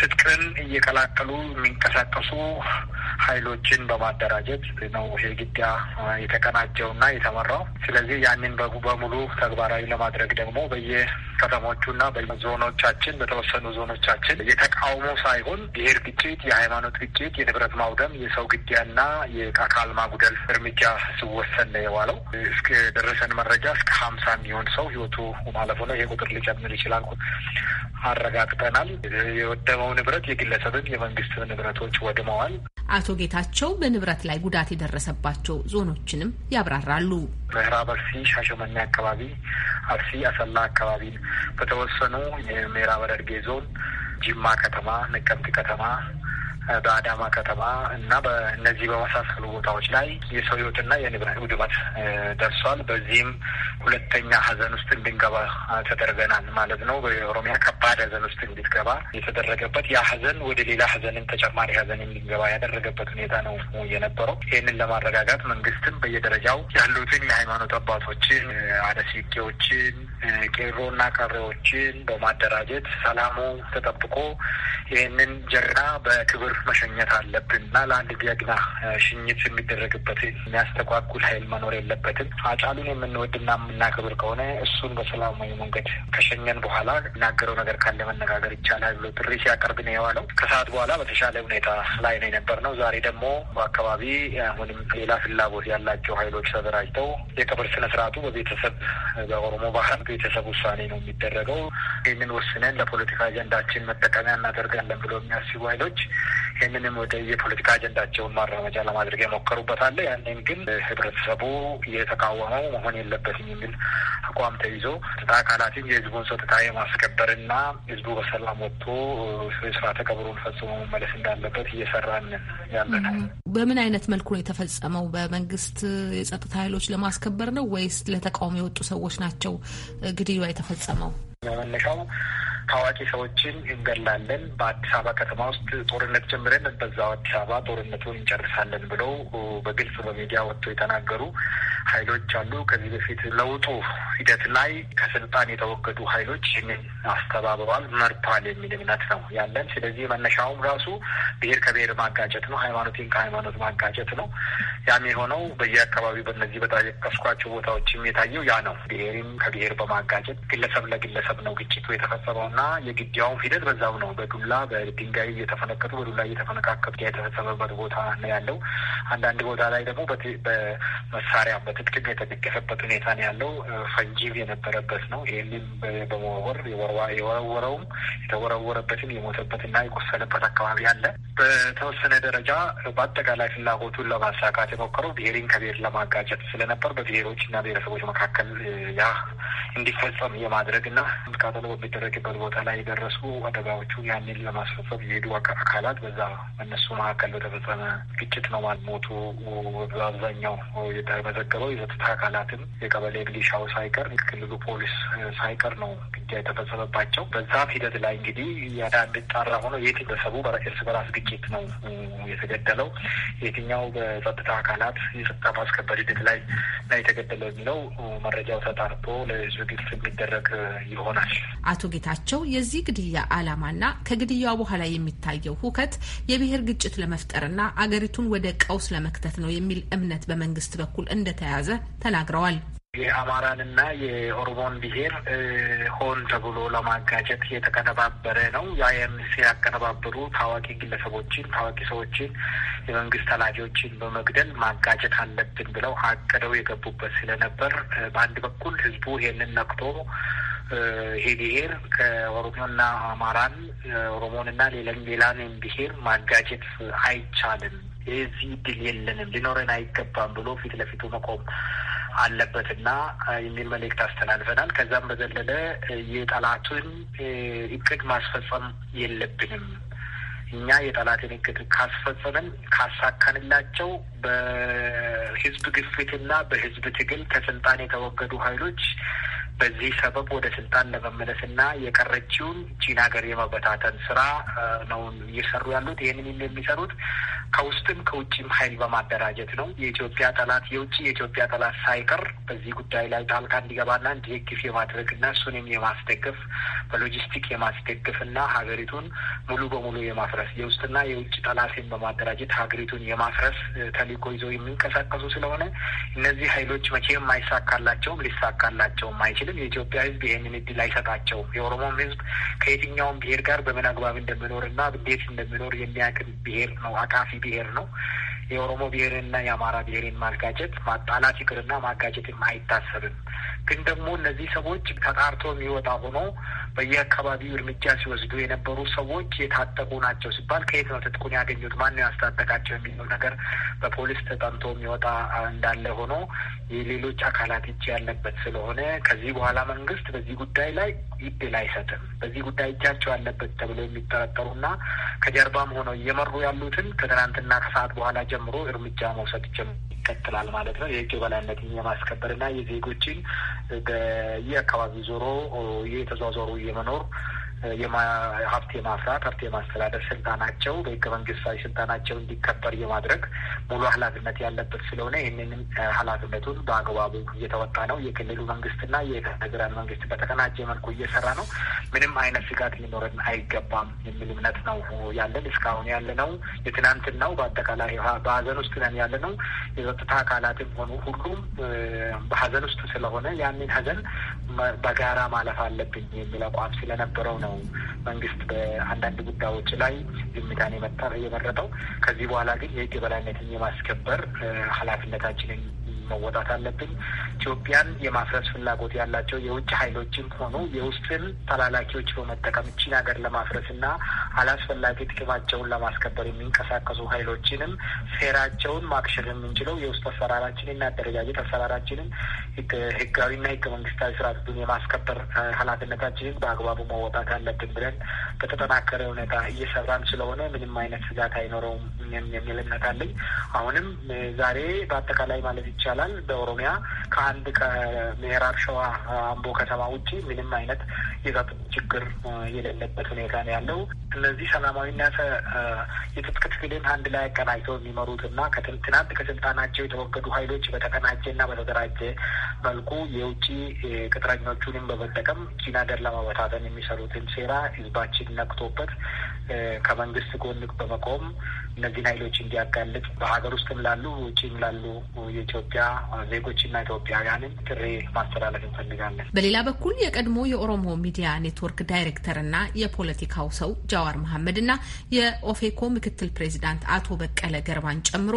ትጥቅን እየቀላቀሉ የሚንቀሳቀሱ ኃይሎችን በማደራጀት ነው ይሄ ግድያ የተቀናጀው እና የተመራው። ስለዚህ ያንን በሙሉ ተግባራዊ ለማድረግ ደግሞ በየከተሞቹ እና በዞኖቻችን በተወሰኑ ዞኖቻችን የተቃውሞ ሳይሆን ብሔር ግጭት፣ የሃይማኖት ግጭት፣ የንብረት ማውደም፣ የሰው ግድያ እና አካል ማጉደል እርምጃ ሲወሰን ነው የዋለው። እስከ ደረሰን መረጃ እስከ ሀምሳ የሚሆን ሰው ህይወቱ ማለፉ ነው። ይሄ ቁጥር ሊጨምር ይችላል አረጋግጠናል። የወደመው ንብረት የግለሰብን የመንግስት ንብረቶች ወድመዋል። አቶ ጌታቸው በንብረት ላይ ጉዳት የደረሰባቸው ዞኖችንም ያብራራሉ። ምዕራብ አርሲ፣ ሻሸመኔ አካባቢ፣ አርሲ አሰላ አካባቢ በተወሰኑ የምዕራብ ሐረርጌ ዞን ጅማ ከተማ፣ ነቀምት ከተማ በአዳማ ከተማ እና በእነዚህ በመሳሰሉ ቦታዎች ላይ የሰው ሕይወትና የንብረት ውድመት ደርሷል። በዚህም ሁለተኛ ሀዘን ውስጥ እንድንገባ ተደርገናል ማለት ነው። በኦሮሚያ ከባድ ሀዘን ውስጥ እንድትገባ የተደረገበት ያ ሀዘን ወደ ሌላ ሀዘንን ተጨማሪ ሀዘን እንድንገባ ያደረገበት ሁኔታ ነው የነበረው። ይህንን ለማረጋጋት መንግስትም በየደረጃው ያሉትን የሃይማኖት አባቶችን፣ አደሲቄዎችን፣ ቄሮና ቀሬዎችን በማደራጀት ሰላሙ ተጠብቆ ይህንን ጀግና በክብር ጭምር መሸኘት አለብን እና ለአንድ ዲያግና ሽኝት የሚደረግበት የሚያስተጓጉል ኃይል መኖር የለበትም። አጫሉን የምንወድና የምናከብር ከሆነ እሱን በሰላማዊ መንገድ ከሸኘን በኋላ የሚናገረው ነገር ካለ መነጋገር ይቻላል ብሎ ጥሪ ሲያቀርብ ነው የዋለው። ከሰዓት በኋላ በተሻለ ሁኔታ ላይ ነው የነበር ነው። ዛሬ ደግሞ በአካባቢ አሁንም ሌላ ፍላጎት ያላቸው ኃይሎች ተደራጅተው የቀብር ስነ ስርዓቱ በቤተሰብ በኦሮሞ ባህል ቤተሰብ ውሳኔ ነው የሚደረገው። ይህንን ወስነን ለፖለቲካ አጀንዳችን መጠቀሚያ እናደርጋለን ብሎ የሚያስቡ ኃይሎች ይህንንም ወደ የፖለቲካ አጀንዳቸውን ማራመጃ ለማድረግ የሞከሩበት አለ። ያንን ግን ህብረተሰቡ የተቃወመው መሆን የለበትም የሚል አቋም ተይዞ ጸጥታ አካላትም የህዝቡን ጸጥታ የማስከበርና ህዝቡ በሰላም ወጥቶ ስርዓተ ቀብሩን ፈጽሞ መመለስ እንዳለበት እየሰራን ያለ በምን አይነት መልኩ ነው የተፈጸመው? በመንግስት የጸጥታ ኃይሎች ለማስከበር ነው ወይስ ለተቃውሞ የወጡ ሰዎች ናቸው ግድያ የተፈጸመው? መነሻው ታዋቂ ሰዎችን እንገላለን፣ በአዲስ አበባ ከተማ ውስጥ ጦርነት ጀምረን በዛው አዲስ አበባ ጦርነቱ እንጨርሳለን ብለው በግልጽ በሚዲያ ወጥቶ የተናገሩ ኃይሎች አሉ። ከዚህ በፊት ለውጡ ሂደት ላይ ከስልጣን የተወገዱ ኃይሎች ይህንን አስተባብሯል፣ መርቷል የሚል እምነት ነው ያለን። ስለዚህ መነሻውም ራሱ ብሔር ከብሔር ማጋጨት ነው፣ ሃይማኖትን ከሃይማኖት ማጋጨት ነው። ያም የሆነው በየአካባቢው በእነዚህ በጠቀስኳቸው ቦታዎችም የታየው ያ ነው። ብሔርም ከብሔር በማጋጨት ግለሰብ ለግለሰብ በማሰብ ነው ግጭቱ የተፈጸመው እና የግድያውም ሂደት በዛም ነው። በዱላ በድንጋይ እየተፈነቀጡ በዱላ እየተፈነካከቱ የተፈጸመበት ቦታ ነው ያለው። አንዳንድ ቦታ ላይ ደግሞ በመሳሪያ በትጥቅም የተደገፈበት ሁኔታ ነው ያለው። ፈንጂም የነበረበት ነው። ይህንም በመወርወር የወረወረውም የተወረወረበትም የሞተበት እና የቆሰለበት አካባቢ አለ። በተወሰነ ደረጃ በአጠቃላይ ፍላጎቱን ለማሳካት የሞከረው ብሔርን ከብሔር ለማጋጨት ስለነበር በብሔሮች እና ብሔረሰቦች መካከል ያ እንዲፈጸም የማድረግ እና ቃጠሎ በሚደረግበት ቦታ ላይ የደረሱ አደጋዎቹ ያንን ለማስፈጸም የሄዱ አካላት በዛ በእነሱ መካከል በተፈጸመ ግጭት ነው ማልሞቱ በአብዛኛው የተመዘገበው የጸጥታ አካላትም የቀበሌ ሚሊሻው ሳይቀር ክልሉ ፖሊስ ሳይቀር ነው ግድያ የተፈጸመባቸው። በዛ ሂደት ላይ እንግዲህ ያዳ እንዲጣራ ሆነው የት ግለሰቡ እርስ በራስ ጥቂት ነው የተገደለው። የትኛው በጸጥታ አካላት የጸጥታ ማስከበር ሂደት ላይ ነው የተገደለው የሚለው መረጃው ተጣርቶ ለህዝብ ግልጽ የሚደረግ ይሆናል። አቶ ጌታቸው የዚህ ግድያ አላማና ከግድያው በኋላ የሚታየው ሁከት የብሔር ግጭት ለመፍጠርና አገሪቱን ወደ ቀውስ ለመክተት ነው የሚል እምነት በመንግስት በኩል እንደተያዘ ተናግረዋል። የአማራንና የኦሮሞን ብሄር ሆን ተብሎ ለማጋጨት የተቀነባበረ ነው። ያም ያቀነባበሩ ታዋቂ ግለሰቦችን፣ ታዋቂ ሰዎችን፣ የመንግስት ኃላፊዎችን በመግደል ማጋጨት አለብን ብለው አቅደው የገቡበት ስለነበር በአንድ በኩል ህዝቡ ይሄንን ነቅቶ ይሄ ብሄር ከኦሮሞና አማራን ኦሮሞንና ሌላን ብሄር ማጋጨት አይቻልም የዚህ እድል የለንም ሊኖረን አይገባም ብሎ ፊት ለፊቱ መቆም አለበትና የሚል መልእክት አስተላልፈናል። ከዛም በዘለለ የጠላቱን እቅድ ማስፈጸም የለብንም። እኛ የጠላትን እቅድ ካስፈጸምን ካሳካንላቸው በህዝብ ግፊትና በህዝብ ትግል ከስልጣን የተወገዱ ኃይሎች በዚህ ሰበብ ወደ ስልጣን ለመመለስና የቀረችውን ቺን ሀገር የመበታተን ስራ ነው እየሰሩ ያሉት። ይህንን የሚሰሩት ከውስጥም ከውጭም ሀይል በማደራጀት ነው። የኢትዮጵያ ጠላት የውጭ የኢትዮጵያ ጠላት ሳይቀር በዚህ ጉዳይ ላይ ጣልቃ እንዲገባና እንዲደግፍ የማድረግና እሱንም የማስደገፍ በሎጂስቲክ የማስደገፍና ሀገሪቱን ሙሉ በሙሉ የማፍረስ የውስጥና የውጭ ጠላትን በማደራጀት ሀገሪቱን የማፍረስ ተልዕኮ ይዘው የሚንቀሳቀሱ ስለሆነ እነዚህ ሀይሎች መቼም አይሳካላቸውም፣ ሊሳካላቸውም አይችልም። ክልል የኢትዮጵያ ህዝብ ይህንን እድል አይሰጣቸውም። የኦሮሞም ህዝብ ከየትኛውም ብሔር ጋር በምን አግባብ እንደምኖር እና እንዴት እንደምኖር የሚያውቅ ብሄር ነው። አቃፊ ብሄር ነው። የኦሮሞ ብሔርንና የአማራ ብሔርን ማጋጨት ማጣላት ይቅርና ማጋጨትም አይታሰብም። ግን ደግሞ እነዚህ ሰዎች ተጣርቶ የሚወጣ ሆኖ በየአካባቢው እርምጃ ሲወስዱ የነበሩ ሰዎች የታጠቁ ናቸው ሲባል ከየት ነው ትጥቁን ያገኙት? ማን ያስታጠቃቸው? የሚለው ነገር በፖሊስ ተጠምቶ የሚወጣ እንዳለ ሆኖ የሌሎች አካላት እጅ ያለበት ስለሆነ ከዚህ በኋላ መንግስት በዚህ ጉዳይ ላይ ይድል አይሰጥም። በዚህ ጉዳይ እጃቸው ያለበት ተብሎ የሚጠረጠሩና ከጀርባም ሆነው እየመሩ ያሉትን ከትናንትና ከሰዓት በኋላ ጀምሮ ጀምሮ እርምጃ መውሰድ ይከትላል ማለት ነው። የህግ የበላይነትን የማስከበርና የዜጎችን በየአካባቢ ዞሮ እየተዟዟሩ የመኖር ሀብት የማፍራት ሀብት የማስተዳደር ስልጣናቸው በህገ መንግስታዊ ስልጣናቸው እንዲከበር የማድረግ ሙሉ ኃላፊነት ያለበት ስለሆነ ይህንንም ኃላፊነቱን በአግባቡ እየተወጣ ነው። የክልሉ መንግስትና የፌዴራል መንግስት በተቀናጀ መልኩ እየሰራ ነው። ምንም አይነት ስጋት ሊኖረን አይገባም የሚል እምነት ነው ያለን። እስካሁን ያለ ነው የትናንትን ነው። በአጠቃላይ በሀዘን ውስጥ ነን ያለ ነው። የጸጥታ አካላትም ሆኑ ሁሉም በሀዘን ውስጥ ስለሆነ ያንን ሀዘን በጋራ ማለፍ አለብኝ የሚል አቋም ስለነበረው ነው ነው መንግስት በአንዳንድ ጉዳዮች ላይ ዝምታን የመረጠው። ከዚህ በኋላ ግን የህግ የበላይነትን የማስከበር ኃላፊነታችንን መወጣት አለብን። ኢትዮጵያን የማፍረስ ፍላጎት ያላቸው የውጭ ኃይሎችም ሆኑ የውስጥን ተላላኪዎች በመጠቀም እቺን ሀገር ለማፍረስና አላስፈላጊ ጥቅማቸውን ለማስከበር የሚንቀሳቀሱ ኃይሎችንም ሴራቸውን ማክሸፍ የምንችለው የውስጥ አሰራራችንና አደረጃጀት አሰራራችንን ህጋዊና ህገ መንግስታዊ ስርዓቱን የማስከበር ኃላፊነታችንን በአግባቡ መወጣት አለብን ብለን በተጠናከረ ሁኔታ እየሰራን ስለሆነ ምንም አይነት ስጋት አይኖረውም የሚል እምነት አለኝ። አሁንም ዛሬ በአጠቃላይ ማለት ይቻላል ይባላል። በኦሮሚያ ከአንድ ከምዕራብ ሸዋ አምቦ ከተማ ውጪ ምንም አይነት የጸጥታ ችግር የሌለበት ሁኔታ ነው ያለው። እነዚህ ሰላማዊና የትጥቅ ትግልን አንድ ላይ አቀናጅተው የሚመሩት እና ትናንት ከስልጣናቸው የተወገዱ ኃይሎች በተቀናጀ እና በተደራጀ መልኩ የውጭ ቅጥረኞቹንም በመጠቀም ኪናደር ለማበታተን የሚሰሩትን ሴራ ህዝባችን ነቅቶበት ከመንግስት ጎን በመቆም እነዚህን ኃይሎች እንዲያጋልጥ በሀገር ውስጥም ላሉ ውጭም ላሉ የኢትዮጵያ ዜጎችና ኢትዮጵያውያንን ጥሪ ማስተላለፍ እንፈልጋለን። በሌላ በኩል የቀድሞ የኦሮሞ ሚዲያ ኔትወርክ ዳይሬክተርና የፖለቲካው ሰው ጃዋር መሐመድና የኦፌኮ ምክትል ፕሬዚዳንት አቶ በቀለ ገርባን ጨምሮ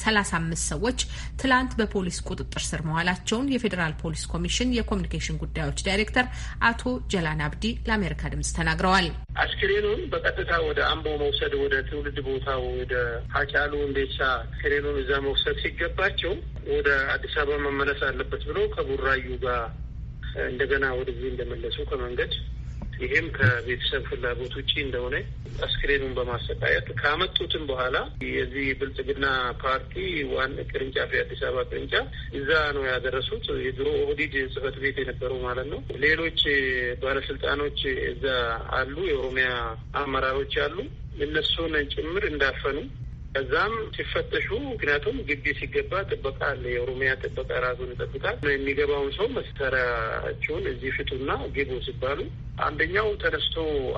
35 ሰዎች ትላንት በፖሊስ ቁጥጥር ስር መዋላቸውን የፌዴራል ፖሊስ ኮሚሽን የኮሚኒኬሽን ጉዳዮች ዳይሬክተር አቶ ጀላን አብዲ ለአሜሪካ ድምጽ ተናግረዋል። አስክሬኑን በቀጥታ ወደ አምቦ መውሰድ፣ ወደ ትውልድ ቦታው ወደ ሀጫሉ እንዴሳ አስክሬኑን እዛ መውሰድ ሲገባቸው ወደ አዲስ አበባ መመለስ አለበት ብሎ ከቡራዩ ጋር እንደገና ወደዚህ እንደመለሱ ከመንገድ ይሄም ከቤተሰብ ፍላጎት ውጪ እንደሆነ አስክሬኑን በማሰቃየት ካመጡትም በኋላ የዚህ ብልጽግና ፓርቲ ዋና ቅርንጫፍ የአዲስ አበባ ቅርንጫፍ እዛ ነው ያደረሱት። የድሮ ኦህዲድ ጽህፈት ቤት የነበረው ማለት ነው። ሌሎች ባለስልጣኖች እዛ አሉ፣ የኦሮሚያ አመራሮች አሉ። እነሱን ጭምር እንዳፈኑ ከዛም ሲፈተሹ ምክንያቱም ግቢ ሲገባ ጥበቃ አለ። የኦሮሚያ ጥበቃ ራሱን ይጠብቃል። የሚገባውን ሰው መሳሪያቸውን እዚህ ፍቱና ግቡ ሲባሉ አንደኛው ተነስቶ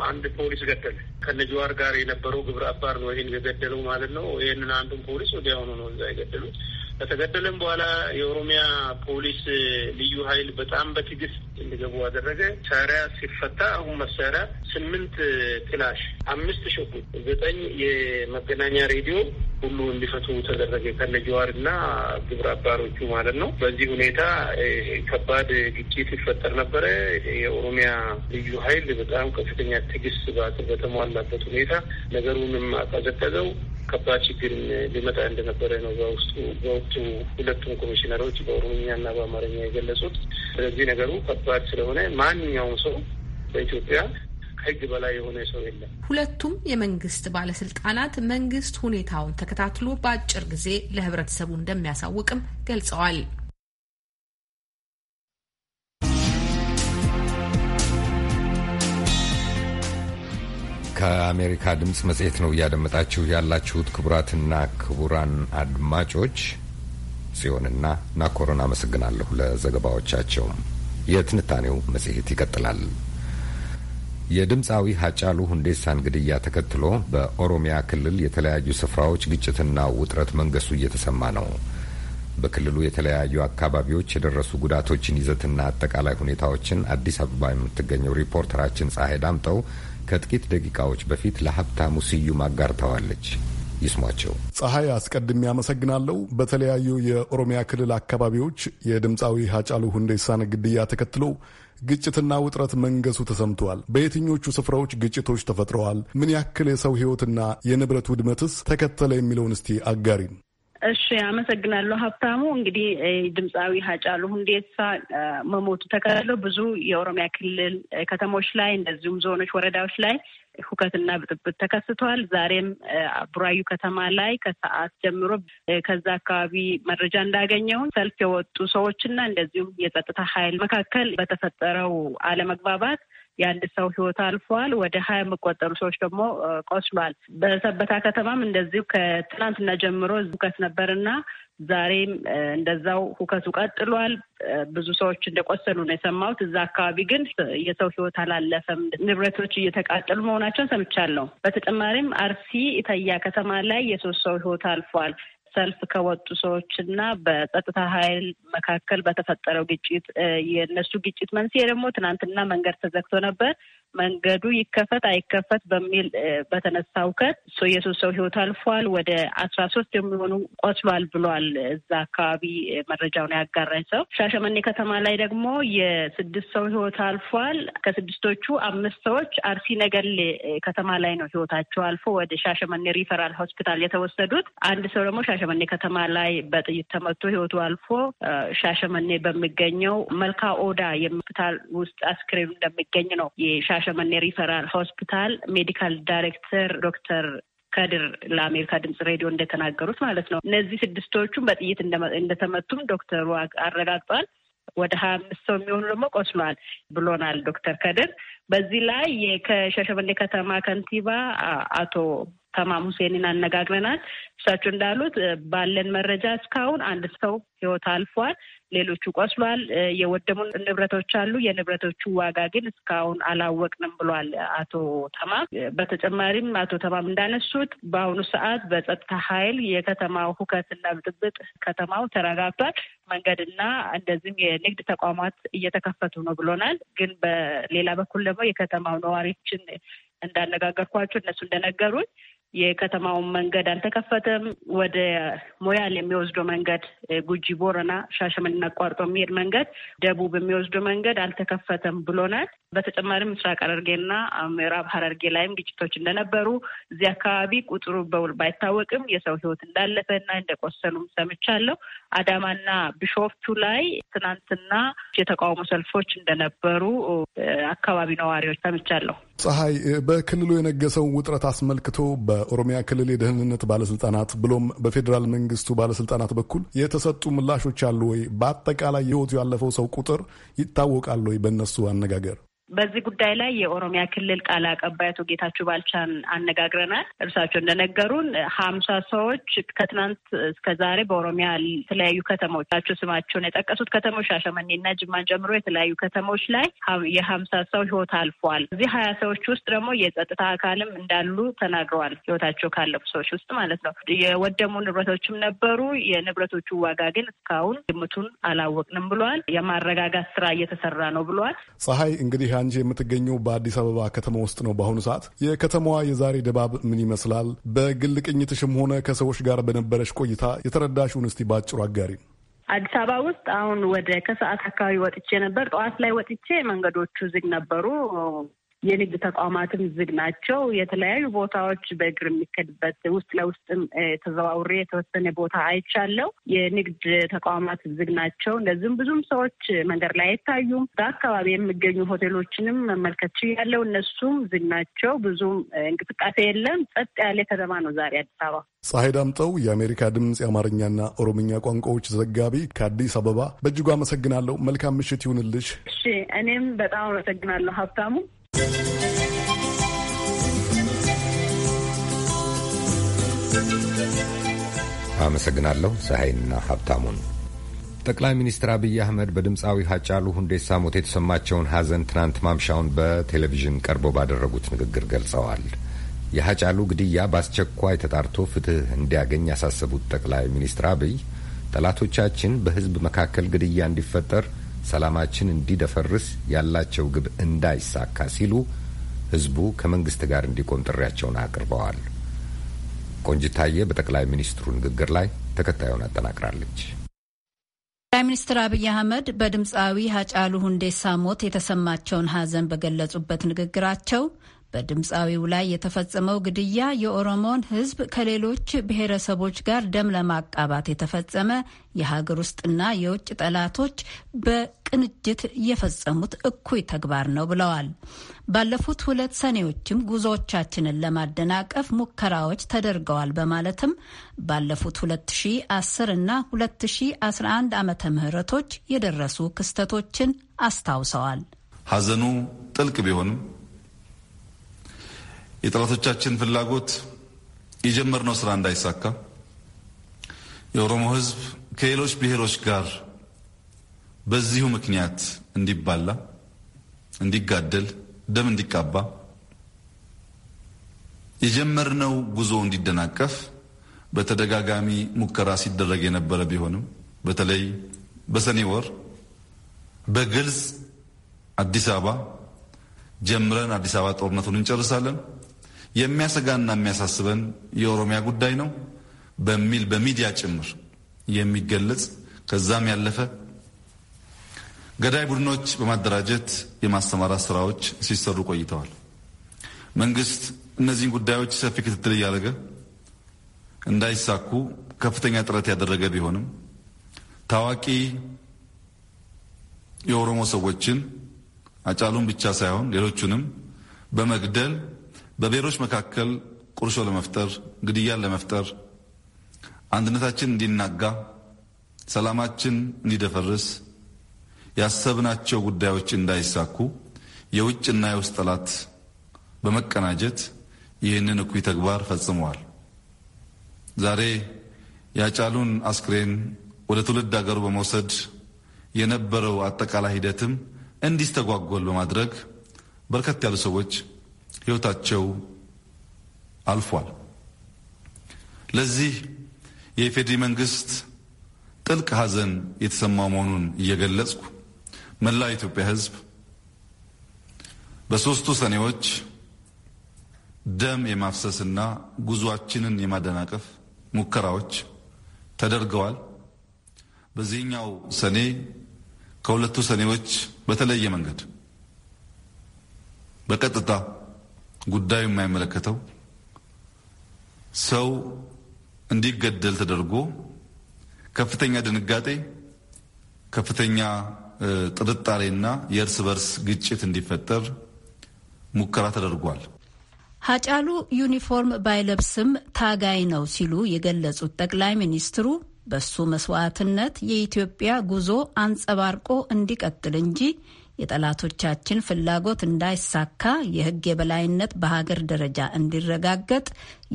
አንድ ፖሊስ ገደለ። ከነጅዋር ጋር የነበረው ግብረ አባር ነው ይህን የገደለው ማለት ነው። ይህንን አንዱን ፖሊስ ወዲያውኑ ነው እዛ የገደሉት። ከተገደለም በኋላ የኦሮሚያ ፖሊስ ልዩ ኃይል በጣም በትዕግስት እንዲገቡ አደረገ። መሳሪያ ሲፈታ አሁን መሳሪያ ስምንት ክላሽ፣ አምስት ሽጉጥ፣ ዘጠኝ የመገናኛ ሬዲዮ ሁሉ እንዲፈቱ ተደረገ ከነ ጀዋር እና ግብረ አባሮቹ ማለት ነው። በዚህ ሁኔታ ከባድ ግጭት ይፈጠር ነበረ። የኦሮሚያ ልዩ ኃይል በጣም ከፍተኛ ትዕግስት በተሟላበት ሁኔታ ነገሩንም አቀዘቀዘው። ከባድ ችግር ሊመጣ እንደነበረ ነው በውስጡ በወቅቱ ሁለቱም ኮሚሽነሮች በኦሮምኛና በአማርኛ የገለጹት። ስለዚህ ነገሩ ከባድ ስለሆነ ማንኛውም ሰው በኢትዮጵያ ከህግ በላይ የሆነ ሰው የለም። ሁለቱም የመንግስት ባለስልጣናት መንግስት ሁኔታውን ተከታትሎ በአጭር ጊዜ ለህብረተሰቡ እንደሚያሳውቅም ገልጸዋል። ከአሜሪካ ድምፅ መጽሔት ነው እያደመጣችሁ ያላችሁት። ክቡራትና ክቡራን አድማጮች ጽዮንና ናኮረን አመሰግናለሁ ለዘገባዎቻቸው። የትንታኔው መጽሔት ይቀጥላል። የድምፃዊ ሀጫሉ ሁንዴሳን ግድያ ተከትሎ በኦሮሚያ ክልል የተለያዩ ስፍራዎች ግጭትና ውጥረት መንገሱ እየተሰማ ነው። በክልሉ የተለያዩ አካባቢዎች የደረሱ ጉዳቶችን ይዘትና አጠቃላይ ሁኔታዎችን አዲስ አበባ የምትገኘው ሪፖርተራችን ፀሐይ ዳምጠው ከጥቂት ደቂቃዎች በፊት ለሀብታሙ ስዩም አጋርተዋለች። ይስሟቸው። ፀሐይ አስቀድሜ አመሰግናለሁ። በተለያዩ የኦሮሚያ ክልል አካባቢዎች የድምፃዊ ሀጫሉ ሁንዴሳን ግድያ ተከትሎ ግጭትና ውጥረት መንገሱ ተሰምተዋል። በየትኞቹ ስፍራዎች ግጭቶች ተፈጥረዋል? ምን ያክል የሰው ሕይወትና የንብረት ውድመትስ ተከተለ? የሚለውን እስቲ አጋሪን። እሺ አመሰግናለሁ ሀብታሙ። እንግዲህ ድምፃዊ ሀጫሉ ሁንዴሳ መሞቱ ተከትሎ ብዙ የኦሮሚያ ክልል ከተሞች ላይ እንደዚሁም ዞኖች፣ ወረዳዎች ላይ ሁከትና ብጥብጥ ተከስቷል። ዛሬም ቡራዩ ከተማ ላይ ከሰዓት ጀምሮ ከዛ አካባቢ መረጃ እንዳገኘውን ሰልፍ የወጡ ሰዎችና እንደዚሁም የጸጥታ ኃይል መካከል በተፈጠረው አለመግባባት የአንድ ሰው ህይወት አልፏል። ወደ ሀያ የሚቆጠሩ ሰዎች ደግሞ ቆስሏል። በሰበታ ከተማም እንደዚሁ ከትናንትና ጀምሮ ሁከት ነበርና ዛሬም እንደዛው ሁከቱ ቀጥሏል። ብዙ ሰዎች እንደቆሰሉ ነው የሰማሁት። እዛ አካባቢ ግን የሰው ህይወት አላለፈም። ንብረቶች እየተቃጠሉ መሆናቸውን ሰምቻለሁ። በተጨማሪም አርሲ ኢተያ ከተማ ላይ የሶስት ሰው ህይወት አልፏል። ሰልፍ ከወጡ ሰዎች እና በጸጥታ ኃይል መካከል በተፈጠረው ግጭት የእነሱ ግጭት መንስኤ ደግሞ ትናንትና መንገድ ተዘግቶ ነበር። መንገዱ ይከፈት አይከፈት በሚል በተነሳ ውከት የሶስት ሰው ህይወት አልፏል። ወደ አስራ ሶስት የሚሆኑ ቆስሏል ብሏል። እዛ አካባቢ መረጃውን ያጋራኝ ሰው። ሻሸመኔ ከተማ ላይ ደግሞ የስድስት ሰው ህይወት አልፏል። ከስድስቶቹ አምስት ሰዎች አርሲ ነገሌ ከተማ ላይ ነው ህይወታቸው አልፎ ወደ ሻሸመኔ ሪፈራል ሆስፒታል የተወሰዱት። አንድ ሰው ደግሞ ሻሸመኔ ከተማ ላይ በጥይት ተመቶ ህይወቱ አልፎ ሻሸመኔ በሚገኘው መልካ ኦዳ የሆስፒታል ውስጥ አስክሬም እንደሚገኝ ነው የሻ ሻሸመኔ ሪፈራል ሆስፒታል ሜዲካል ዳይሬክተር ዶክተር ከድር ለአሜሪካ ድምጽ ሬዲዮ እንደተናገሩት ማለት ነው። እነዚህ ስድስቶቹም በጥይት እንደተመቱም ዶክተሩ አረጋግጧል። ወደ ሀያ አምስት ሰው የሚሆኑ ደግሞ ቆስሏል ብሎናል ዶክተር ከድር። በዚህ ላይ ከሻሸመኔ ከተማ ከንቲባ አቶ ተማም ሁሴንን አነጋግረናል። እሳቸው እንዳሉት ባለን መረጃ እስካሁን አንድ ሰው ህይወት አልፏል፣ ሌሎቹ ቆስሏል፣ የወደሙ ንብረቶች አሉ። የንብረቶቹ ዋጋ ግን እስካሁን አላወቅንም ብሏል አቶ ተማም። በተጨማሪም አቶ ተማም እንዳነሱት በአሁኑ ሰዓት በጸጥታ ኃይል የከተማው ሁከትና ብጥብጥ ከተማው ተረጋግቷል። መንገድና እንደዚህም የንግድ ተቋማት እየተከፈቱ ነው ብሎናል። ግን በሌላ በኩል ደግሞ የከተማው ነዋሪዎችን እንዳነጋገርኳቸው እነሱ እንደነገሩኝ የከተማውን መንገድ አልተከፈተም። ወደ ሞያሌ የሚወስደው መንገድ ጉጂ ቦረና፣ ሻሸመኔን አቋርጦ የሚሄድ መንገድ፣ ደቡብ የሚወስደው መንገድ አልተከፈተም ብሎናል። በተጨማሪም ምስራቅ ሐረርጌና ምዕራብ ሐረርጌ ላይም ግጭቶች እንደነበሩ እዚህ አካባቢ ቁጥሩ በውል ባይታወቅም የሰው ሕይወት እንዳለፈና እንደቆሰሉም ሰምቻለሁ። አዳማና ቢሾፍቱ ላይ ትናንትና የተቃውሞ ሰልፎች እንደነበሩ አካባቢ ነዋሪዎች ሰምቻለሁ። ፀሐይ፣ በክልሉ የነገሰውን ውጥረት አስመልክቶ በኦሮሚያ ክልል የደህንነት ባለስልጣናት ብሎም በፌዴራል መንግስቱ ባለስልጣናት በኩል የተሰጡ ምላሾች አሉ ወይ? በአጠቃላይ ህይወቱ ያለፈው ሰው ቁጥር ይታወቃል ወይ በእነሱ አነጋገር? በዚህ ጉዳይ ላይ የኦሮሚያ ክልል ቃል አቀባይ አቶ ጌታችሁ ባልቻን አነጋግረናል። እርሳቸው እንደነገሩን ሀምሳ ሰዎች ከትናንት እስከ ዛሬ በኦሮሚያ የተለያዩ ከተሞች ናቸው ስማቸውን የጠቀሱት ከተሞች ሻሸመኔና ጅማን ጨምሮ የተለያዩ ከተሞች ላይ የሀምሳ ሰው ህይወት አልፏል። እዚህ ሀያ ሰዎች ውስጥ ደግሞ የጸጥታ አካልም እንዳሉ ተናግረዋል። ህይወታቸው ካለፉ ሰዎች ውስጥ ማለት ነው። የወደሙ ንብረቶችም ነበሩ። የንብረቶቹ ዋጋ ግን እስካሁን ግምቱን አላወቅንም ብሏል። የማረጋጋት ስራ እየተሰራ ነው ብሏል። ፀሐይ እንግዲህ አንቺ የምትገኘው በአዲስ አበባ ከተማ ውስጥ ነው። በአሁኑ ሰዓት የከተማዋ የዛሬ ድባብ ምን ይመስላል? በግል ቅኝትሽም ሆነ ከሰዎች ጋር በነበረሽ ቆይታ የተረዳሽውን እስቲ በአጭሩ አጋሪ። አዲስ አበባ ውስጥ አሁን ወደ ከሰዓት አካባቢ ወጥቼ ነበር። ጠዋት ላይ ወጥቼ መንገዶቹ ዝግ ነበሩ። የንግድ ተቋማትም ዝግ ናቸው። የተለያዩ ቦታዎች በእግር የሚከድበት ውስጥ ለውስጥም ተዘዋውሬ የተወሰነ ቦታ አይቻለው። የንግድ ተቋማት ዝግ ናቸው። እንደዚህም ብዙም ሰዎች መንገድ ላይ አይታዩም። በአካባቢ የሚገኙ ሆቴሎችንም መመልከት ያለው እነሱም ዝግ ናቸው። ብዙም እንቅስቃሴ የለም። ጸጥ ያለ ከተማ ነው ዛሬ አዲስ አበባ። ፀሐይ ዳምጠው የአሜሪካ ድምፅ የአማርኛና ኦሮምኛ ቋንቋዎች ዘጋቢ ከአዲስ አበባ በእጅጉ አመሰግናለሁ። መልካም ምሽት ይሁንልሽ። እሺ፣ እኔም በጣም አመሰግናለሁ ሀብታሙ። አመሰግናለሁ ፀሐይና ሀብታሙን። ጠቅላይ ሚኒስትር አብይ አህመድ በድምፃዊ ሀጫሉ ሁንዴሳ ሞት የተሰማቸውን ሀዘን ትናንት ማምሻውን በቴሌቪዥን ቀርቦ ባደረጉት ንግግር ገልጸዋል። የሀጫሉ ግድያ በአስቸኳይ ተጣርቶ ፍትህ እንዲያገኝ ያሳሰቡት ጠቅላይ ሚኒስትር አብይ ጠላቶቻችን በህዝብ መካከል ግድያ እንዲፈጠር ሰላማችን እንዲደፈርስ ያላቸው ግብ እንዳይሳካ ሲሉ ህዝቡ ከመንግስት ጋር እንዲቆም ጥሪያቸውን አቅርበዋል። ቆንጅታዬ በጠቅላይ ሚኒስትሩ ንግግር ላይ ተከታዩን አጠናቅራለች። ጠቅላይ ሚኒስትር አብይ አህመድ በድምፃዊ ሀጫሉ ሁንዴሳ ሞት የተሰማቸውን ሀዘን በገለጹበት ንግግራቸው በድምፃዊው ላይ የተፈጸመው ግድያ የኦሮሞን ሕዝብ ከሌሎች ብሔረሰቦች ጋር ደም ለማቃባት የተፈጸመ የሀገር ውስጥና የውጭ ጠላቶች በቅንጅት የፈጸሙት እኩይ ተግባር ነው ብለዋል። ባለፉት ሁለት ሰኔዎችም ጉዞዎቻችንን ለማደናቀፍ ሙከራዎች ተደርገዋል በማለትም ባለፉት 2010 እና 2011 ዓመተ ምህረቶች የደረሱ ክስተቶችን አስታውሰዋል። ሀዘኑ ጥልቅ ቢሆንም የጠላቶቻችን ፍላጎት የጀመርነው ስራ እንዳይሳካ የኦሮሞ ህዝብ ከሌሎች ብሔሮች ጋር በዚሁ ምክንያት እንዲባላ፣ እንዲጋደል፣ ደም እንዲቃባ የጀመርነው ጉዞ እንዲደናቀፍ በተደጋጋሚ ሙከራ ሲደረግ የነበረ ቢሆንም በተለይ በሰኔ ወር በግልጽ አዲስ አበባ ጀምረን አዲስ አበባ ጦርነቱን እንጨርሳለን የሚያሰጋና የሚያሳስበን የኦሮሚያ ጉዳይ ነው በሚል በሚዲያ ጭምር የሚገለጽ ከዛም ያለፈ ገዳይ ቡድኖች በማደራጀት የማሰማራት ስራዎች ሲሰሩ ቆይተዋል። መንግስት እነዚህን ጉዳዮች ሰፊ ክትትል እያደረገ እንዳይሳኩ ከፍተኛ ጥረት ያደረገ ቢሆንም ታዋቂ የኦሮሞ ሰዎችን አጫሉን ብቻ ሳይሆን ሌሎቹንም በመግደል በብሔሮች መካከል ቁርሾ ለመፍጠር፣ ግድያን ለመፍጠር፣ አንድነታችን እንዲናጋ፣ ሰላማችን እንዲደፈርስ፣ ያሰብናቸው ጉዳዮች እንዳይሳኩ የውጭና የውስጥ ጠላት በመቀናጀት ይህንን እኩይ ተግባር ፈጽመዋል። ዛሬ ያጫሉን አስክሬን ወደ ትውልድ አገሩ በመውሰድ የነበረው አጠቃላይ ሂደትም እንዲስተጓጎል በማድረግ በርከት ያሉ ሰዎች ሕይወታቸው አልፏል። ለዚህ የኢፌዴሪ መንግስት ጥልቅ ሐዘን የተሰማው መሆኑን እየገለጽኩ መላው የኢትዮጵያ ህዝብ በሦስቱ ሰኔዎች ደም የማፍሰስና ጉዞአችንን የማደናቀፍ ሙከራዎች ተደርገዋል። በዚህኛው ሰኔ ከሁለቱ ሰኔዎች በተለየ መንገድ በቀጥታ ጉዳዩ የማይመለከተው ሰው እንዲገደል ተደርጎ ከፍተኛ ድንጋጤ፣ ከፍተኛ ጥርጣሬና የእርስ በርስ ግጭት እንዲፈጠር ሙከራ ተደርጓል። ሀጫሉ ዩኒፎርም ባይለብስም ታጋይ ነው ሲሉ የገለጹት ጠቅላይ ሚኒስትሩ በሱ መስዋዕትነት የኢትዮጵያ ጉዞ አንጸባርቆ እንዲቀጥል እንጂ የጠላቶቻችን ፍላጎት እንዳይሳካ የሕግ የበላይነት በሀገር ደረጃ እንዲረጋገጥ፣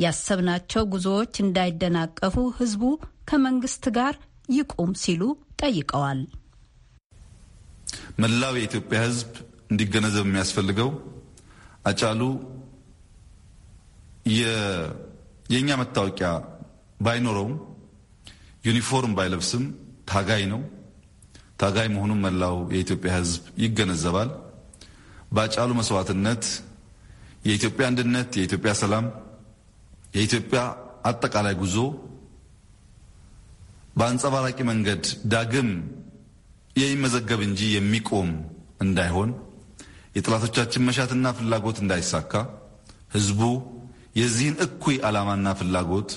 ያሰብናቸው ጉዞዎች እንዳይደናቀፉ ሕዝቡ ከመንግስት ጋር ይቁም ሲሉ ጠይቀዋል። መላው የኢትዮጵያ ሕዝብ እንዲገነዘብ የሚያስፈልገው አጫሉ የእኛ መታወቂያ ባይኖረውም ዩኒፎርም ባይለብስም ታጋይ ነው። ታጋይ መሆኑን መላው የኢትዮጵያ ሕዝብ ይገነዘባል። ባጫሉ መስዋዕትነት የኢትዮጵያ አንድነት፣ የኢትዮጵያ ሰላም፣ የኢትዮጵያ አጠቃላይ ጉዞ በአንጸባራቂ መንገድ ዳግም የሚመዘገብ እንጂ የሚቆም እንዳይሆን የጠላቶቻችን መሻትና ፍላጎት እንዳይሳካ ህዝቡ የዚህን እኩይ ዓላማና ፍላጎት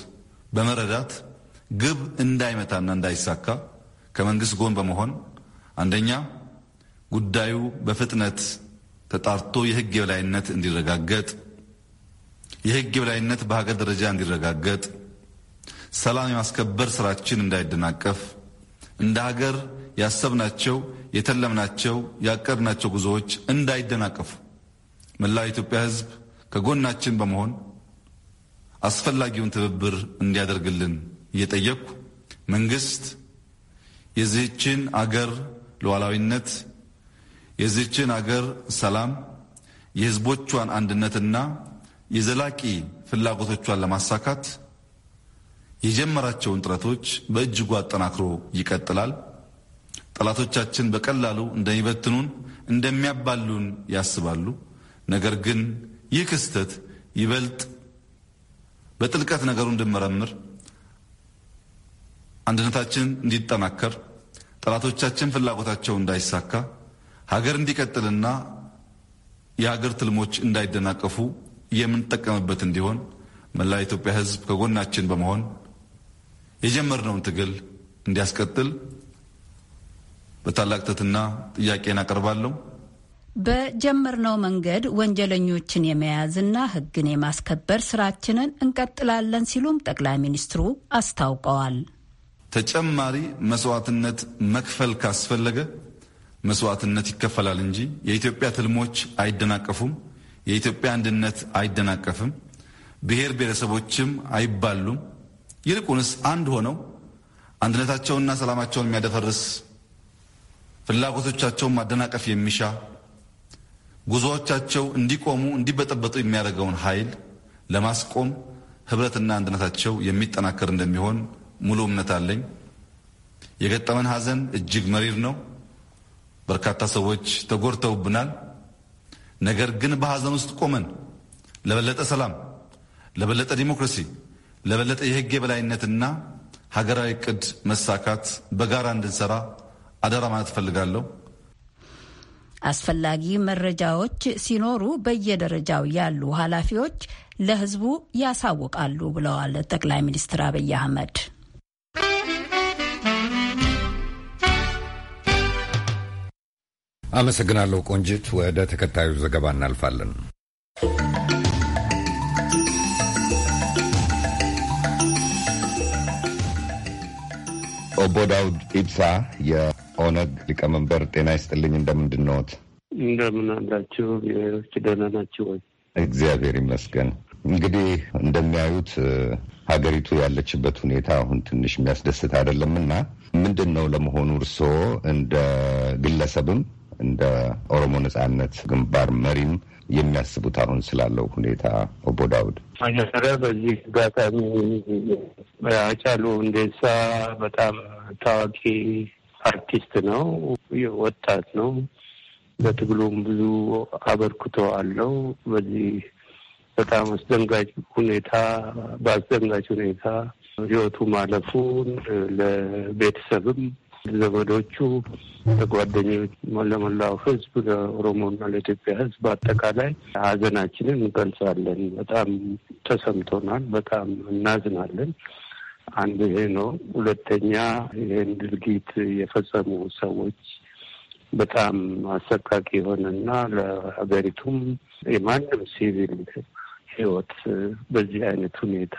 በመረዳት ግብ እንዳይመታና እንዳይሳካ ከመንግስት ጎን በመሆን አንደኛ ጉዳዩ በፍጥነት ተጣርቶ የህግ የበላይነት እንዲረጋገጥ፣ የህግ የበላይነት በሀገር ደረጃ እንዲረጋገጥ፣ ሰላም የማስከበር ስራችን እንዳይደናቀፍ፣ እንደ ሀገር ያሰብናቸው የተለምናቸው ያቀድናቸው ጉዞዎች እንዳይደናቀፉ መላው የኢትዮጵያ ህዝብ ከጎናችን በመሆን አስፈላጊውን ትብብር እንዲያደርግልን እየጠየቅኩ መንግስት የዚህችን አገር ሉዓላዊነት፣ የዚችን አገር ሰላም፣ የሕዝቦቿን አንድነትና የዘላቂ ፍላጎቶቿን ለማሳካት የጀመራቸውን ጥረቶች በእጅጉ አጠናክሮ ይቀጥላል። ጠላቶቻችን በቀላሉ እንደሚበትኑን እንደሚያባሉን ያስባሉ። ነገር ግን ይህ ክስተት ይበልጥ በጥልቀት ነገሩን እንድመረምር አንድነታችን እንዲጠናከር ጠላቶቻችን ፍላጎታቸው እንዳይሳካ ሀገር እንዲቀጥልና የሀገር ትልሞች እንዳይደናቀፉ የምንጠቀምበት እንዲሆን መላ የኢትዮጵያ ሕዝብ ከጎናችን በመሆን የጀመርነውን ትግል እንዲያስቀጥል በታላቅ ትሕትና ጥያቄን አቀርባለሁ። በጀመርነው መንገድ ወንጀለኞችን የመያዝና ሕግን የማስከበር ስራችንን እንቀጥላለን ሲሉም ጠቅላይ ሚኒስትሩ አስታውቀዋል። ተጨማሪ መስዋዕትነት መክፈል ካስፈለገ መስዋዕትነት ይከፈላል እንጂ የኢትዮጵያ ትልሞች አይደናቀፉም። የኢትዮጵያ አንድነት አይደናቀፍም። ብሔር ብሔረሰቦችም አይባሉም። ይልቁንስ አንድ ሆነው አንድነታቸውንና ሰላማቸውን የሚያደፈርስ ፍላጎቶቻቸውን ማደናቀፍ የሚሻ ጉዞዎቻቸው እንዲቆሙ እንዲበጠበጡ የሚያደርገውን ኃይል ለማስቆም ህብረትና አንድነታቸው የሚጠናከር እንደሚሆን ሙሉ እምነት አለኝ። የገጠመን ሀዘን እጅግ መሪር ነው። በርካታ ሰዎች ተጎድተውብናል። ነገር ግን በሀዘን ውስጥ ቆመን ለበለጠ ሰላም፣ ለበለጠ ዲሞክራሲ፣ ለበለጠ የህግ የበላይነትና ሀገራዊ እቅድ መሳካት በጋራ እንድንሰራ አደራ ማለት እፈልጋለሁ። አስፈላጊ መረጃዎች ሲኖሩ በየደረጃው ያሉ ኃላፊዎች ለህዝቡ ያሳውቃሉ ብለዋል ጠቅላይ ሚኒስትር አብይ አህመድ። አመሰግናለሁ ቆንጂት። ወደ ተከታዩ ዘገባ እናልፋለን። ኦቦ ዳውድ ኢብሳ የኦነግ ሊቀመንበር፣ ጤና ይስጥልኝ። እንደምንድን ነዎት? እንደምን አላችሁ? ዎች ደህና ናችሁ ወይ? እግዚአብሔር ይመስገን። እንግዲህ እንደሚያዩት ሀገሪቱ ያለችበት ሁኔታ አሁን ትንሽ የሚያስደስት አይደለም እና ምንድን ነው ለመሆኑ እርስዎ እንደ ግለሰብም እንደ ኦሮሞ ነጻነት ግንባር መሪም የሚያስቡት አሁን ስላለው ሁኔታ ኦቦ ዳውድ መጀመሪያ በዚህ አጋጣሚ አጫሉ ሁንዴሳ በጣም ታዋቂ አርቲስት ነው፣ ወጣት ነው። በትግሉም ብዙ አበርክቶ አለው። በዚህ በጣም አስደንጋጭ ሁኔታ በአስደንጋጭ ሁኔታ ህይወቱ ማለፉን ለቤተሰብም ዘመዶቹ፣ ለጓደኞች፣ ለመላው ህዝብ፣ ለኦሮሞና ለኢትዮጵያ ህዝብ በአጠቃላይ ሀዘናችንን እንገልጻለን። በጣም ተሰምቶናል። በጣም እናዝናለን። አንዱ ይሄ ነው። ሁለተኛ ይህን ድርጊት የፈጸሙ ሰዎች በጣም አሰቃቂ የሆነና ለሀገሪቱም የማንም ሲቪል ህይወት በዚህ አይነት ሁኔታ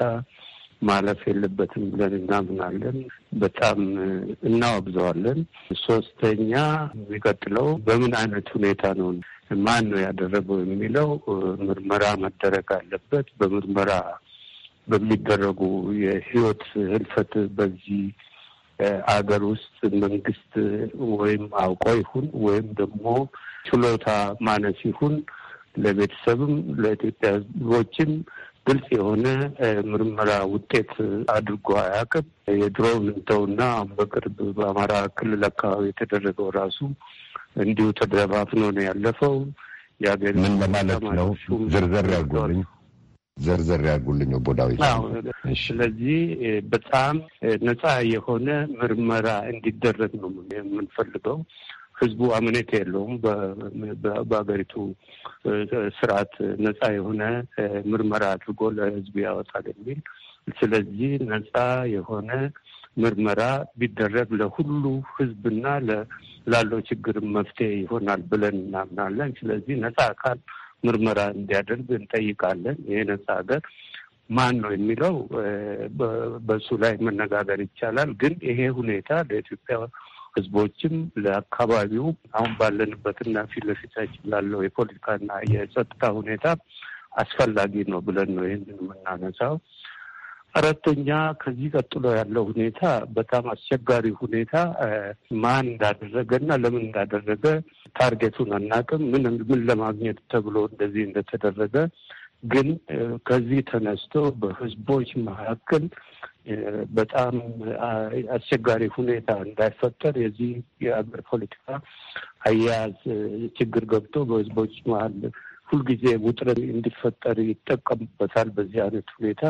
ማለፍ የለበትም ብለን እናምናለን። በጣም እናወግዘዋለን። ሶስተኛ የሚቀጥለው በምን አይነት ሁኔታ ነው ማን ነው ያደረገው የሚለው ምርመራ መደረግ አለበት። በምርመራ በሚደረጉ የህይወት ህልፈት በዚህ አገር ውስጥ መንግስት ወይም አውቆ ይሁን ወይም ደግሞ ችሎታ ማነስ ይሁን ለቤተሰብም ለኢትዮጵያ ህዝቦችም ግልጽ የሆነ ምርመራ ውጤት አድርጎ አያውቅም። የድሮውን እንተውና በቅርብ በአማራ ክልል አካባቢ የተደረገው ራሱ እንዲሁ ተደባፍኖ ነው ያለፈው። የሀገር ምን ለማለት ነው? ዝርዝር ያርጉልኝ ዘርዘር ያርጉልኝ ቦዳዊ። ስለዚህ በጣም ነፃ የሆነ ምርመራ እንዲደረግ ነው የምንፈልገው። ህዝቡ አምኔት የለውም በሀገሪቱ ስርዓት ነጻ የሆነ ምርመራ አድርጎ ለህዝቡ ያወጣል የሚል ስለዚህ ነጻ የሆነ ምርመራ ቢደረግ ለሁሉ ህዝብና ላለው ችግር መፍትሄ ይሆናል ብለን እናምናለን። ስለዚህ ነጻ አካል ምርመራ እንዲያደርግ እንጠይቃለን። ይሄ ነጻ ሀገር ማን ነው የሚለው በሱ ላይ መነጋገር ይቻላል። ግን ይሄ ሁኔታ ለኢትዮጵያ ህዝቦችም ለአካባቢው አሁን ባለንበትና ፊት ለፊታችን ላለው የፖለቲካና የጸጥታ ሁኔታ አስፈላጊ ነው ብለን ነው ይህንን የምናነሳው። አራተኛ ከዚህ ቀጥሎ ያለው ሁኔታ በጣም አስቸጋሪ ሁኔታ፣ ማን እንዳደረገና ለምን እንዳደረገ ታርጌቱን አናውቅም። ምን ምን ለማግኘት ተብሎ እንደዚህ እንደተደረገ ግን ከዚህ ተነስቶ በህዝቦች መካከል በጣም አስቸጋሪ ሁኔታ እንዳይፈጠር የዚህ የአገር ፖለቲካ አያያዝ ችግር ገብቶ በህዝቦች መሀል ሁልጊዜ ውጥረት እንዲፈጠር ይጠቀሙበታል። በዚህ አይነት ሁኔታ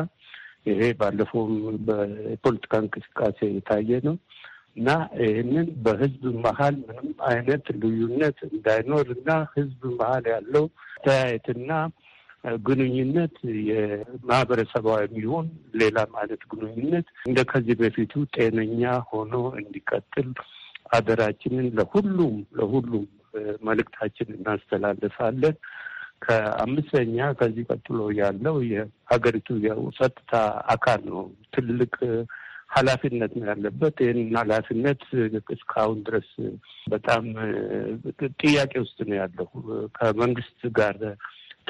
ይሄ ባለፈውም በፖለቲካ እንቅስቃሴ የታየ ነው እና ይህንን በህዝብ መሀል ምንም አይነት ልዩነት እንዳይኖር እና ህዝብ መሀል ያለው ተያየትና ግንኙነት የማህበረሰባዊ የሚሆን ሌላ ማለት ግንኙነት እንደ ከዚህ በፊቱ ጤነኛ ሆኖ እንዲቀጥል አደራችንን ለሁሉም ለሁሉም መልእክታችን እናስተላልፋለን። ከአምስተኛ ከዚህ ቀጥሎ ያለው የሀገሪቱ የጸጥታ አካል ነው። ትልቅ ኃላፊነት ነው ያለበት። ይህንን ኃላፊነት እስካሁን ድረስ በጣም ጥያቄ ውስጥ ነው ያለው ከመንግስት ጋር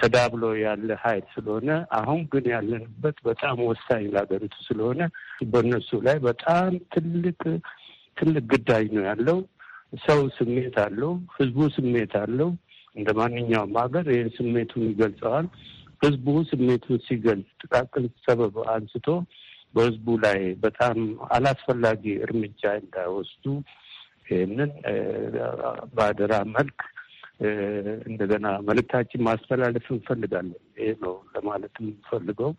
ተዳብሎ ያለ ኃይል ስለሆነ አሁን ግን ያለንበት በጣም ወሳኝ ለሀገሪቱ ስለሆነ በእነሱ ላይ በጣም ትልቅ ትልቅ ግዳጅ ነው ያለው። ሰው ስሜት አለው፣ ህዝቡ ስሜት አለው። እንደ ማንኛውም ሀገር ይህን ስሜቱን ይገልጸዋል። ህዝቡ ስሜቱን ሲገልጽ ጥቃቅን ሰበብ አንስቶ በህዝቡ ላይ በጣም አላስፈላጊ እርምጃ እንዳይወስዱ ይህንን በአደራ መልክ እንደገና መልእክታችን ማስተላለፍ እንፈልጋለን። ይህ ነው ለማለት የምንፈልገው።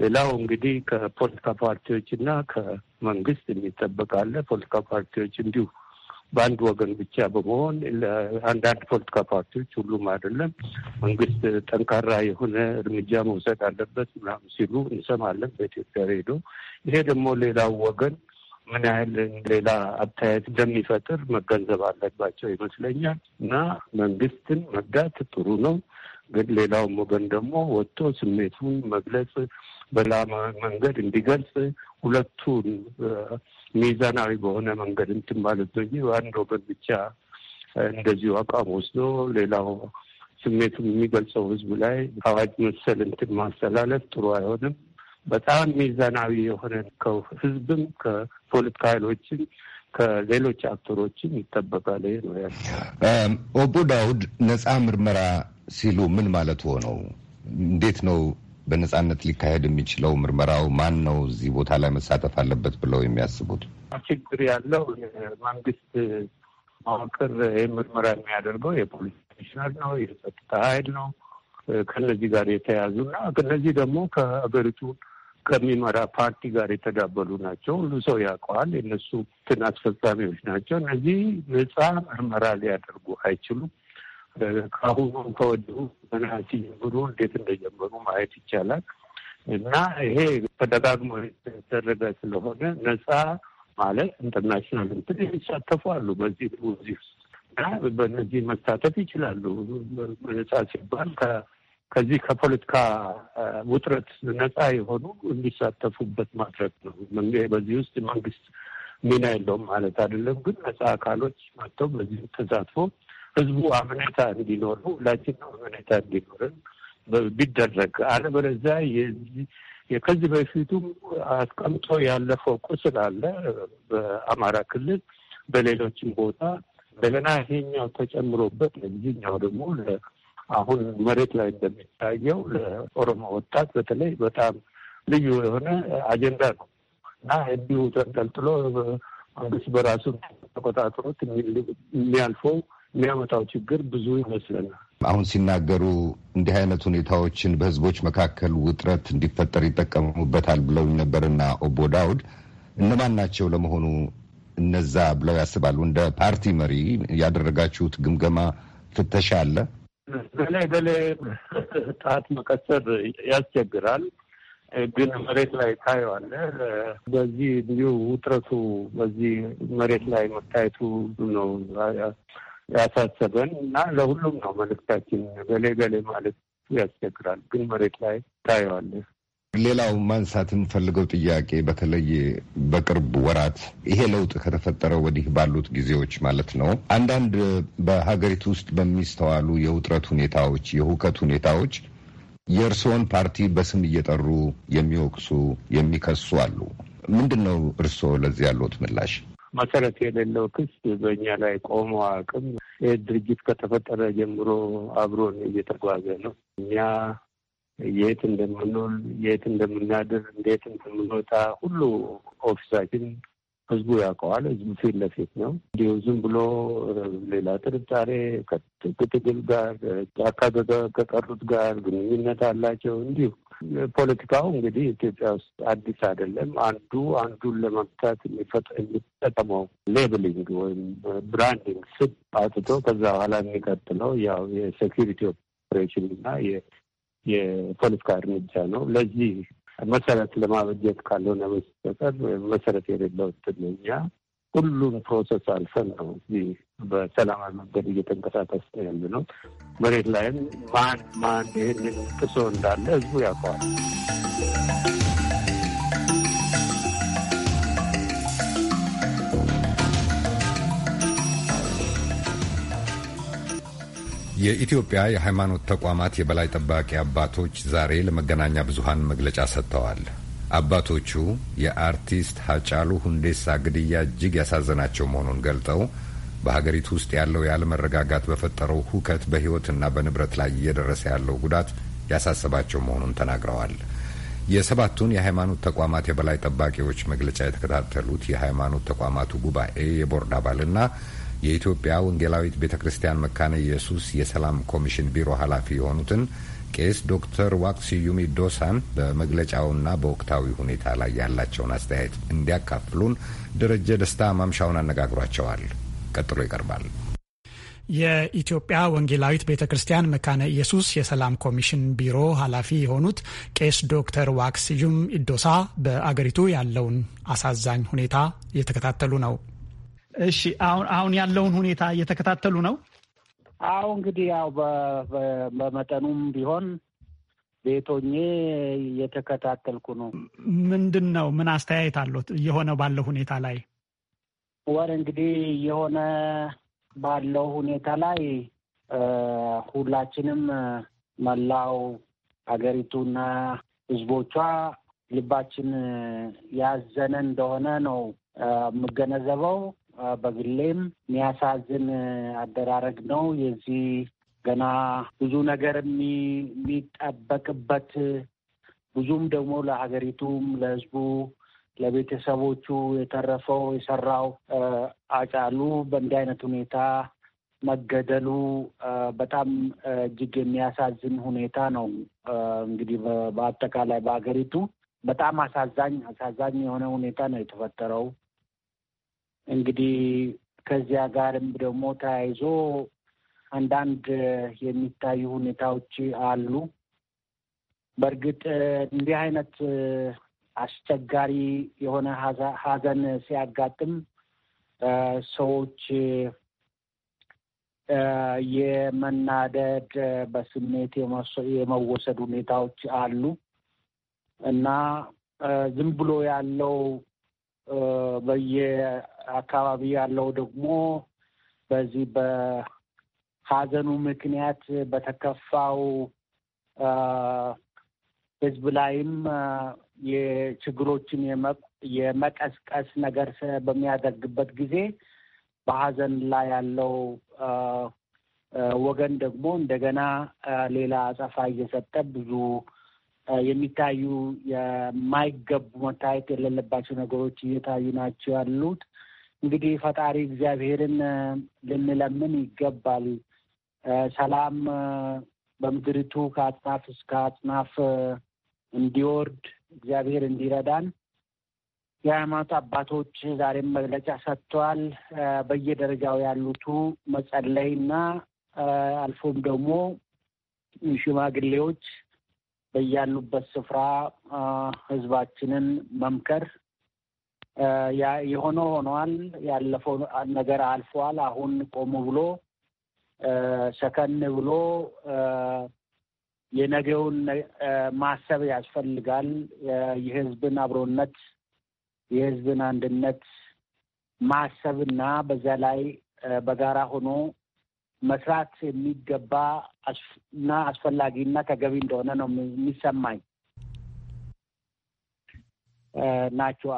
ሌላው እንግዲህ ከፖለቲካ ፓርቲዎች እና ከመንግስት የሚጠበቅ አለ። ፖለቲካ ፓርቲዎች እንዲሁ በአንድ ወገን ብቻ በመሆን ለአንዳንድ ፖለቲካ ፓርቲዎች ሁሉም አይደለም፣ መንግስት ጠንካራ የሆነ እርምጃ መውሰድ አለበት ምናምን ሲሉ እንሰማለን በኢትዮጵያ ሬዲዮ። ይሄ ደግሞ ሌላው ወገን ምን ያህል ሌላ አተያየት እንደሚፈጥር መገንዘብ አለባቸው ይመስለኛል። እና መንግስትን መርዳት ጥሩ ነው፣ ግን ሌላውም ወገን ደግሞ ወጥቶ ስሜቱን መግለጽ በላመ መንገድ እንዲገልጽ ሁለቱን ሚዛናዊ በሆነ መንገድ እንትን ማለት ነው እንጂ አንድ ወገን ብቻ እንደዚሁ አቋም ወስዶ ሌላው ስሜቱን የሚገልጸው ህዝቡ ላይ አዋጅ መሰል እንትን ማስተላለፍ ጥሩ አይሆንም። በጣም ሚዛናዊ የሆነ ከህዝብም ከፖለቲካ ኃይሎችም ከሌሎች አክተሮችም ይጠበቃል ነው ያ ኦቦ ዳውድ ነጻ ምርመራ ሲሉ ምን ማለት ሆነው? እንዴት ነው በነጻነት ሊካሄድ የሚችለው ምርመራው? ማን ነው እዚህ ቦታ ላይ መሳተፍ አለበት ብለው የሚያስቡት? ችግር ያለው መንግስት መዋቅር ምርመራ የሚያደርገው የፖሊስ ኮሚሽነር ነው፣ የጸጥታ ኃይል ነው፣ ከነዚህ ጋር የተያዙ እና ከነዚህ ደግሞ ከሀገሪቱ ከሚመራ ፓርቲ ጋር የተዳበሉ ናቸው። ሁሉ ሰው ያውቀዋል። የነሱ እንትን አስፈጻሚዎች ናቸው። እነዚህ ነጻ ምርመራ ሊያደርጉ አይችሉም። ከአሁኑ ከወዲሁ ገና ሲጀምሩ እንዴት እንደጀመሩ ማየት ይቻላል። እና ይሄ ተደጋግሞ የተደረገ ስለሆነ ነጻ ማለት ኢንተርናሽናል እንትን የሚሳተፉ አሉ በዚህ በዚህ እና በእነዚህ መሳተፍ ይችላሉ። ነጻ ሲባል ከዚህ ከፖለቲካ ውጥረት ነፃ የሆኑ እንዲሳተፉበት ማድረግ ነው። በዚህ ውስጥ መንግስት ሚና የለውም ማለት አይደለም፣ ግን ነፃ አካሎች መጥተው በዚህ ተሳትፎ ህዝቡ አመኔታ እንዲኖረው ሁላችን አመኔታ እንዲኖረን ቢደረግ፣ አለበለዚያ ከዚህ በፊቱም አስቀምጦ ያለፈው ቁስል አለ በአማራ ክልል በሌሎችም ቦታ እንደገና ይሄኛው ተጨምሮበት ለጊዜኛው ደግሞ አሁን መሬት ላይ እንደሚታየው ለኦሮሞ ወጣት በተለይ በጣም ልዩ የሆነ አጀንዳ ነው እና እንዲሁ ተንጠልጥሎ መንግስት በራሱ ተቆጣጥሮት የሚያልፈው የሚያመጣው ችግር ብዙ ይመስለናል። አሁን ሲናገሩ እንዲህ አይነት ሁኔታዎችን በህዝቦች መካከል ውጥረት እንዲፈጠር ይጠቀሙበታል ብለው ነበርና ኦቦ ዳውድ እነማን ናቸው ለመሆኑ እነዛ ብለው ያስባሉ? እንደ ፓርቲ መሪ ያደረጋችሁት ግምገማ፣ ፍተሻ አለ? በላይ በላይ ጣት መቀሰር ያስቸግራል። ግን መሬት ላይ ታየዋለ። በዚህ ልዩ ውጥረቱ በዚህ መሬት ላይ መታየቱ ነው ያሳሰበን እና ለሁሉም ነው መልእክታችን። በላይ በላይ ማለት ያስቸግራል፣ ግን መሬት ላይ ታየዋለ። ሌላው ማንሳት የምፈልገው ጥያቄ በተለይ በቅርብ ወራት ይሄ ለውጥ ከተፈጠረ ወዲህ ባሉት ጊዜዎች ማለት ነው አንዳንድ በሀገሪቱ ውስጥ በሚስተዋሉ የውጥረት ሁኔታዎች፣ የሁከት ሁኔታዎች የእርስዎን ፓርቲ በስም እየጠሩ የሚወቅሱ የሚከሱ አሉ። ምንድን ነው እርስዎ ለዚህ ያለዎት ምላሽ? መሰረት የሌለው ክስ በእኛ ላይ ቆሞ አቅም ይህ ድርጅት ከተፈጠረ ጀምሮ አብሮን እየተጓዘ ነው። እኛ የት እንደምንውል፣ የት እንደምናድር፣ እንዴት እንደምንወጣ ሁሉ ኦፊሳችን ህዝቡ ያውቀዋል። ህዝቡ ፊት ለፊት ነው። እንዲሁ ዝም ብሎ ሌላ ጥርጣሬ ከትግል ጋር ከቀሩት ጋር ግንኙነት አላቸው። እንዲሁ ፖለቲካው እንግዲህ ኢትዮጵያ ውስጥ አዲስ አይደለም። አንዱ አንዱን ለመምታት የሚጠቀመው ሌብሊንግ ወይም ብራንዲንግ ስም አውጥቶ ከዛ በኋላ የሚቀጥለው ያው የሴኪሪቲ ኦፕሬሽን እና የፖለቲካ እርምጃ ነው። ለዚህ መሰረት ለማበጀት ካልሆነ በስተቀር መሰረት የሌለው እኛ ሁሉም ፕሮሰስ አልፈን ነው እዚህ በሰላማዊ መንገድ እየተንቀሳቀስ ነው ያለ ነው። መሬት ላይም ማን ማን ይህንን ጥሶ እንዳለ ህዝቡ ያውቀዋል። የኢትዮጵያ የሃይማኖት ተቋማት የበላይ ጠባቂ አባቶች ዛሬ ለመገናኛ ብዙሃን መግለጫ ሰጥተዋል። አባቶቹ የአርቲስት ሀጫሉ ሁንዴሳ ግድያ እጅግ ያሳዘናቸው መሆኑን ገልጠው በሀገሪቱ ውስጥ ያለው ያለመረጋጋት በፈጠረው ሁከት በሕይወትና በንብረት ላይ እየደረሰ ያለው ጉዳት ያሳሰባቸው መሆኑን ተናግረዋል። የሰባቱን የሃይማኖት ተቋማት የበላይ ጠባቂዎች መግለጫ የተከታተሉት የሃይማኖት ተቋማቱ ጉባኤ የቦርድ አባልና የኢትዮጵያ ወንጌላዊት ቤተ ክርስቲያን መካነ ኢየሱስ የሰላም ኮሚሽን ቢሮ ኃላፊ የሆኑትን ቄስ ዶክተር ዋቅስዩም ዶሳን በመግለጫውና በወቅታዊ ሁኔታ ላይ ያላቸውን አስተያየት እንዲያካፍሉን ደረጀ ደስታ ማምሻውን አነጋግሯቸዋል። ቀጥሎ ይቀርባል። የኢትዮጵያ ወንጌላዊት ቤተ ክርስቲያን መካነ ኢየሱስ የሰላም ኮሚሽን ቢሮ ኃላፊ የሆኑት ቄስ ዶክተር ዋክስዩም ኢዶሳ በአገሪቱ ያለውን አሳዛኝ ሁኔታ እየተከታተሉ ነው። እሺ አሁን አሁን ያለውን ሁኔታ እየተከታተሉ ነው? አሁ እንግዲህ ያው በመጠኑም ቢሆን ቤቶኜ እየተከታተልኩ ነው። ምንድን ነው ምን አስተያየት አለት እየሆነ ባለው ሁኔታ ላይ ወር እንግዲህ እየሆነ ባለው ሁኔታ ላይ ሁላችንም መላው ሀገሪቱና ህዝቦቿ ልባችን ያዘነ እንደሆነ ነው የምገነዘበው። በግሌም የሚያሳዝን አደራረግ ነው። የዚህ ገና ብዙ ነገር የሚጠበቅበት ብዙም ደግሞ ለሀገሪቱም ለህዝቡ ለቤተሰቦቹ የተረፈው የሰራው አጫሉ በእንዲህ አይነት ሁኔታ መገደሉ በጣም እጅግ የሚያሳዝን ሁኔታ ነው። እንግዲህ በአጠቃላይ በሀገሪቱ በጣም አሳዛኝ አሳዛኝ የሆነ ሁኔታ ነው የተፈጠረው። እንግዲህ ከዚያ ጋርም ደግሞ ተያይዞ አንዳንድ የሚታዩ ሁኔታዎች አሉ። በእርግጥ እንዲህ አይነት አስቸጋሪ የሆነ ሀዘን ሲያጋጥም ሰዎች የመናደድ በስሜት የመወሰድ ሁኔታዎች አሉ እና ዝም ብሎ ያለው በየአካባቢ ያለው ደግሞ በዚህ በሀዘኑ ምክንያት በተከፋው ህዝብ ላይም የችግሮችን የመቀስቀስ ነገር በሚያደርግበት ጊዜ በሀዘን ላይ ያለው ወገን ደግሞ እንደገና ሌላ አጸፋ እየሰጠ ብዙ የሚታዩ የማይገቡ መታየት የሌለባቸው ነገሮች እየታዩ ናቸው ያሉት። እንግዲህ ፈጣሪ እግዚአብሔርን ልንለምን ይገባል። ሰላም በምድሪቱ ከአጽናፍ እስከ አጽናፍ እንዲወርድ እግዚአብሔር እንዲረዳን የሃይማኖት አባቶች ዛሬም መግለጫ ሰጥተዋል። በየደረጃው ያሉቱ መጸለይና አልፎም ደግሞ ሽማግሌዎች በያሉበት ስፍራ ህዝባችንን መምከር የሆነ ሆኗል። ያለፈው ነገር አልፏል። አሁን ቆሙ ብሎ ሰከን ብሎ የነገውን ማሰብ ያስፈልጋል። የህዝብን አብሮነት፣ የህዝብን አንድነት ማሰብና በዛ ላይ በጋራ ሆኖ መስራት የሚገባ እና አስፈላጊ እና ተገቢ እንደሆነ ነው የሚሰማኝ ናቸው።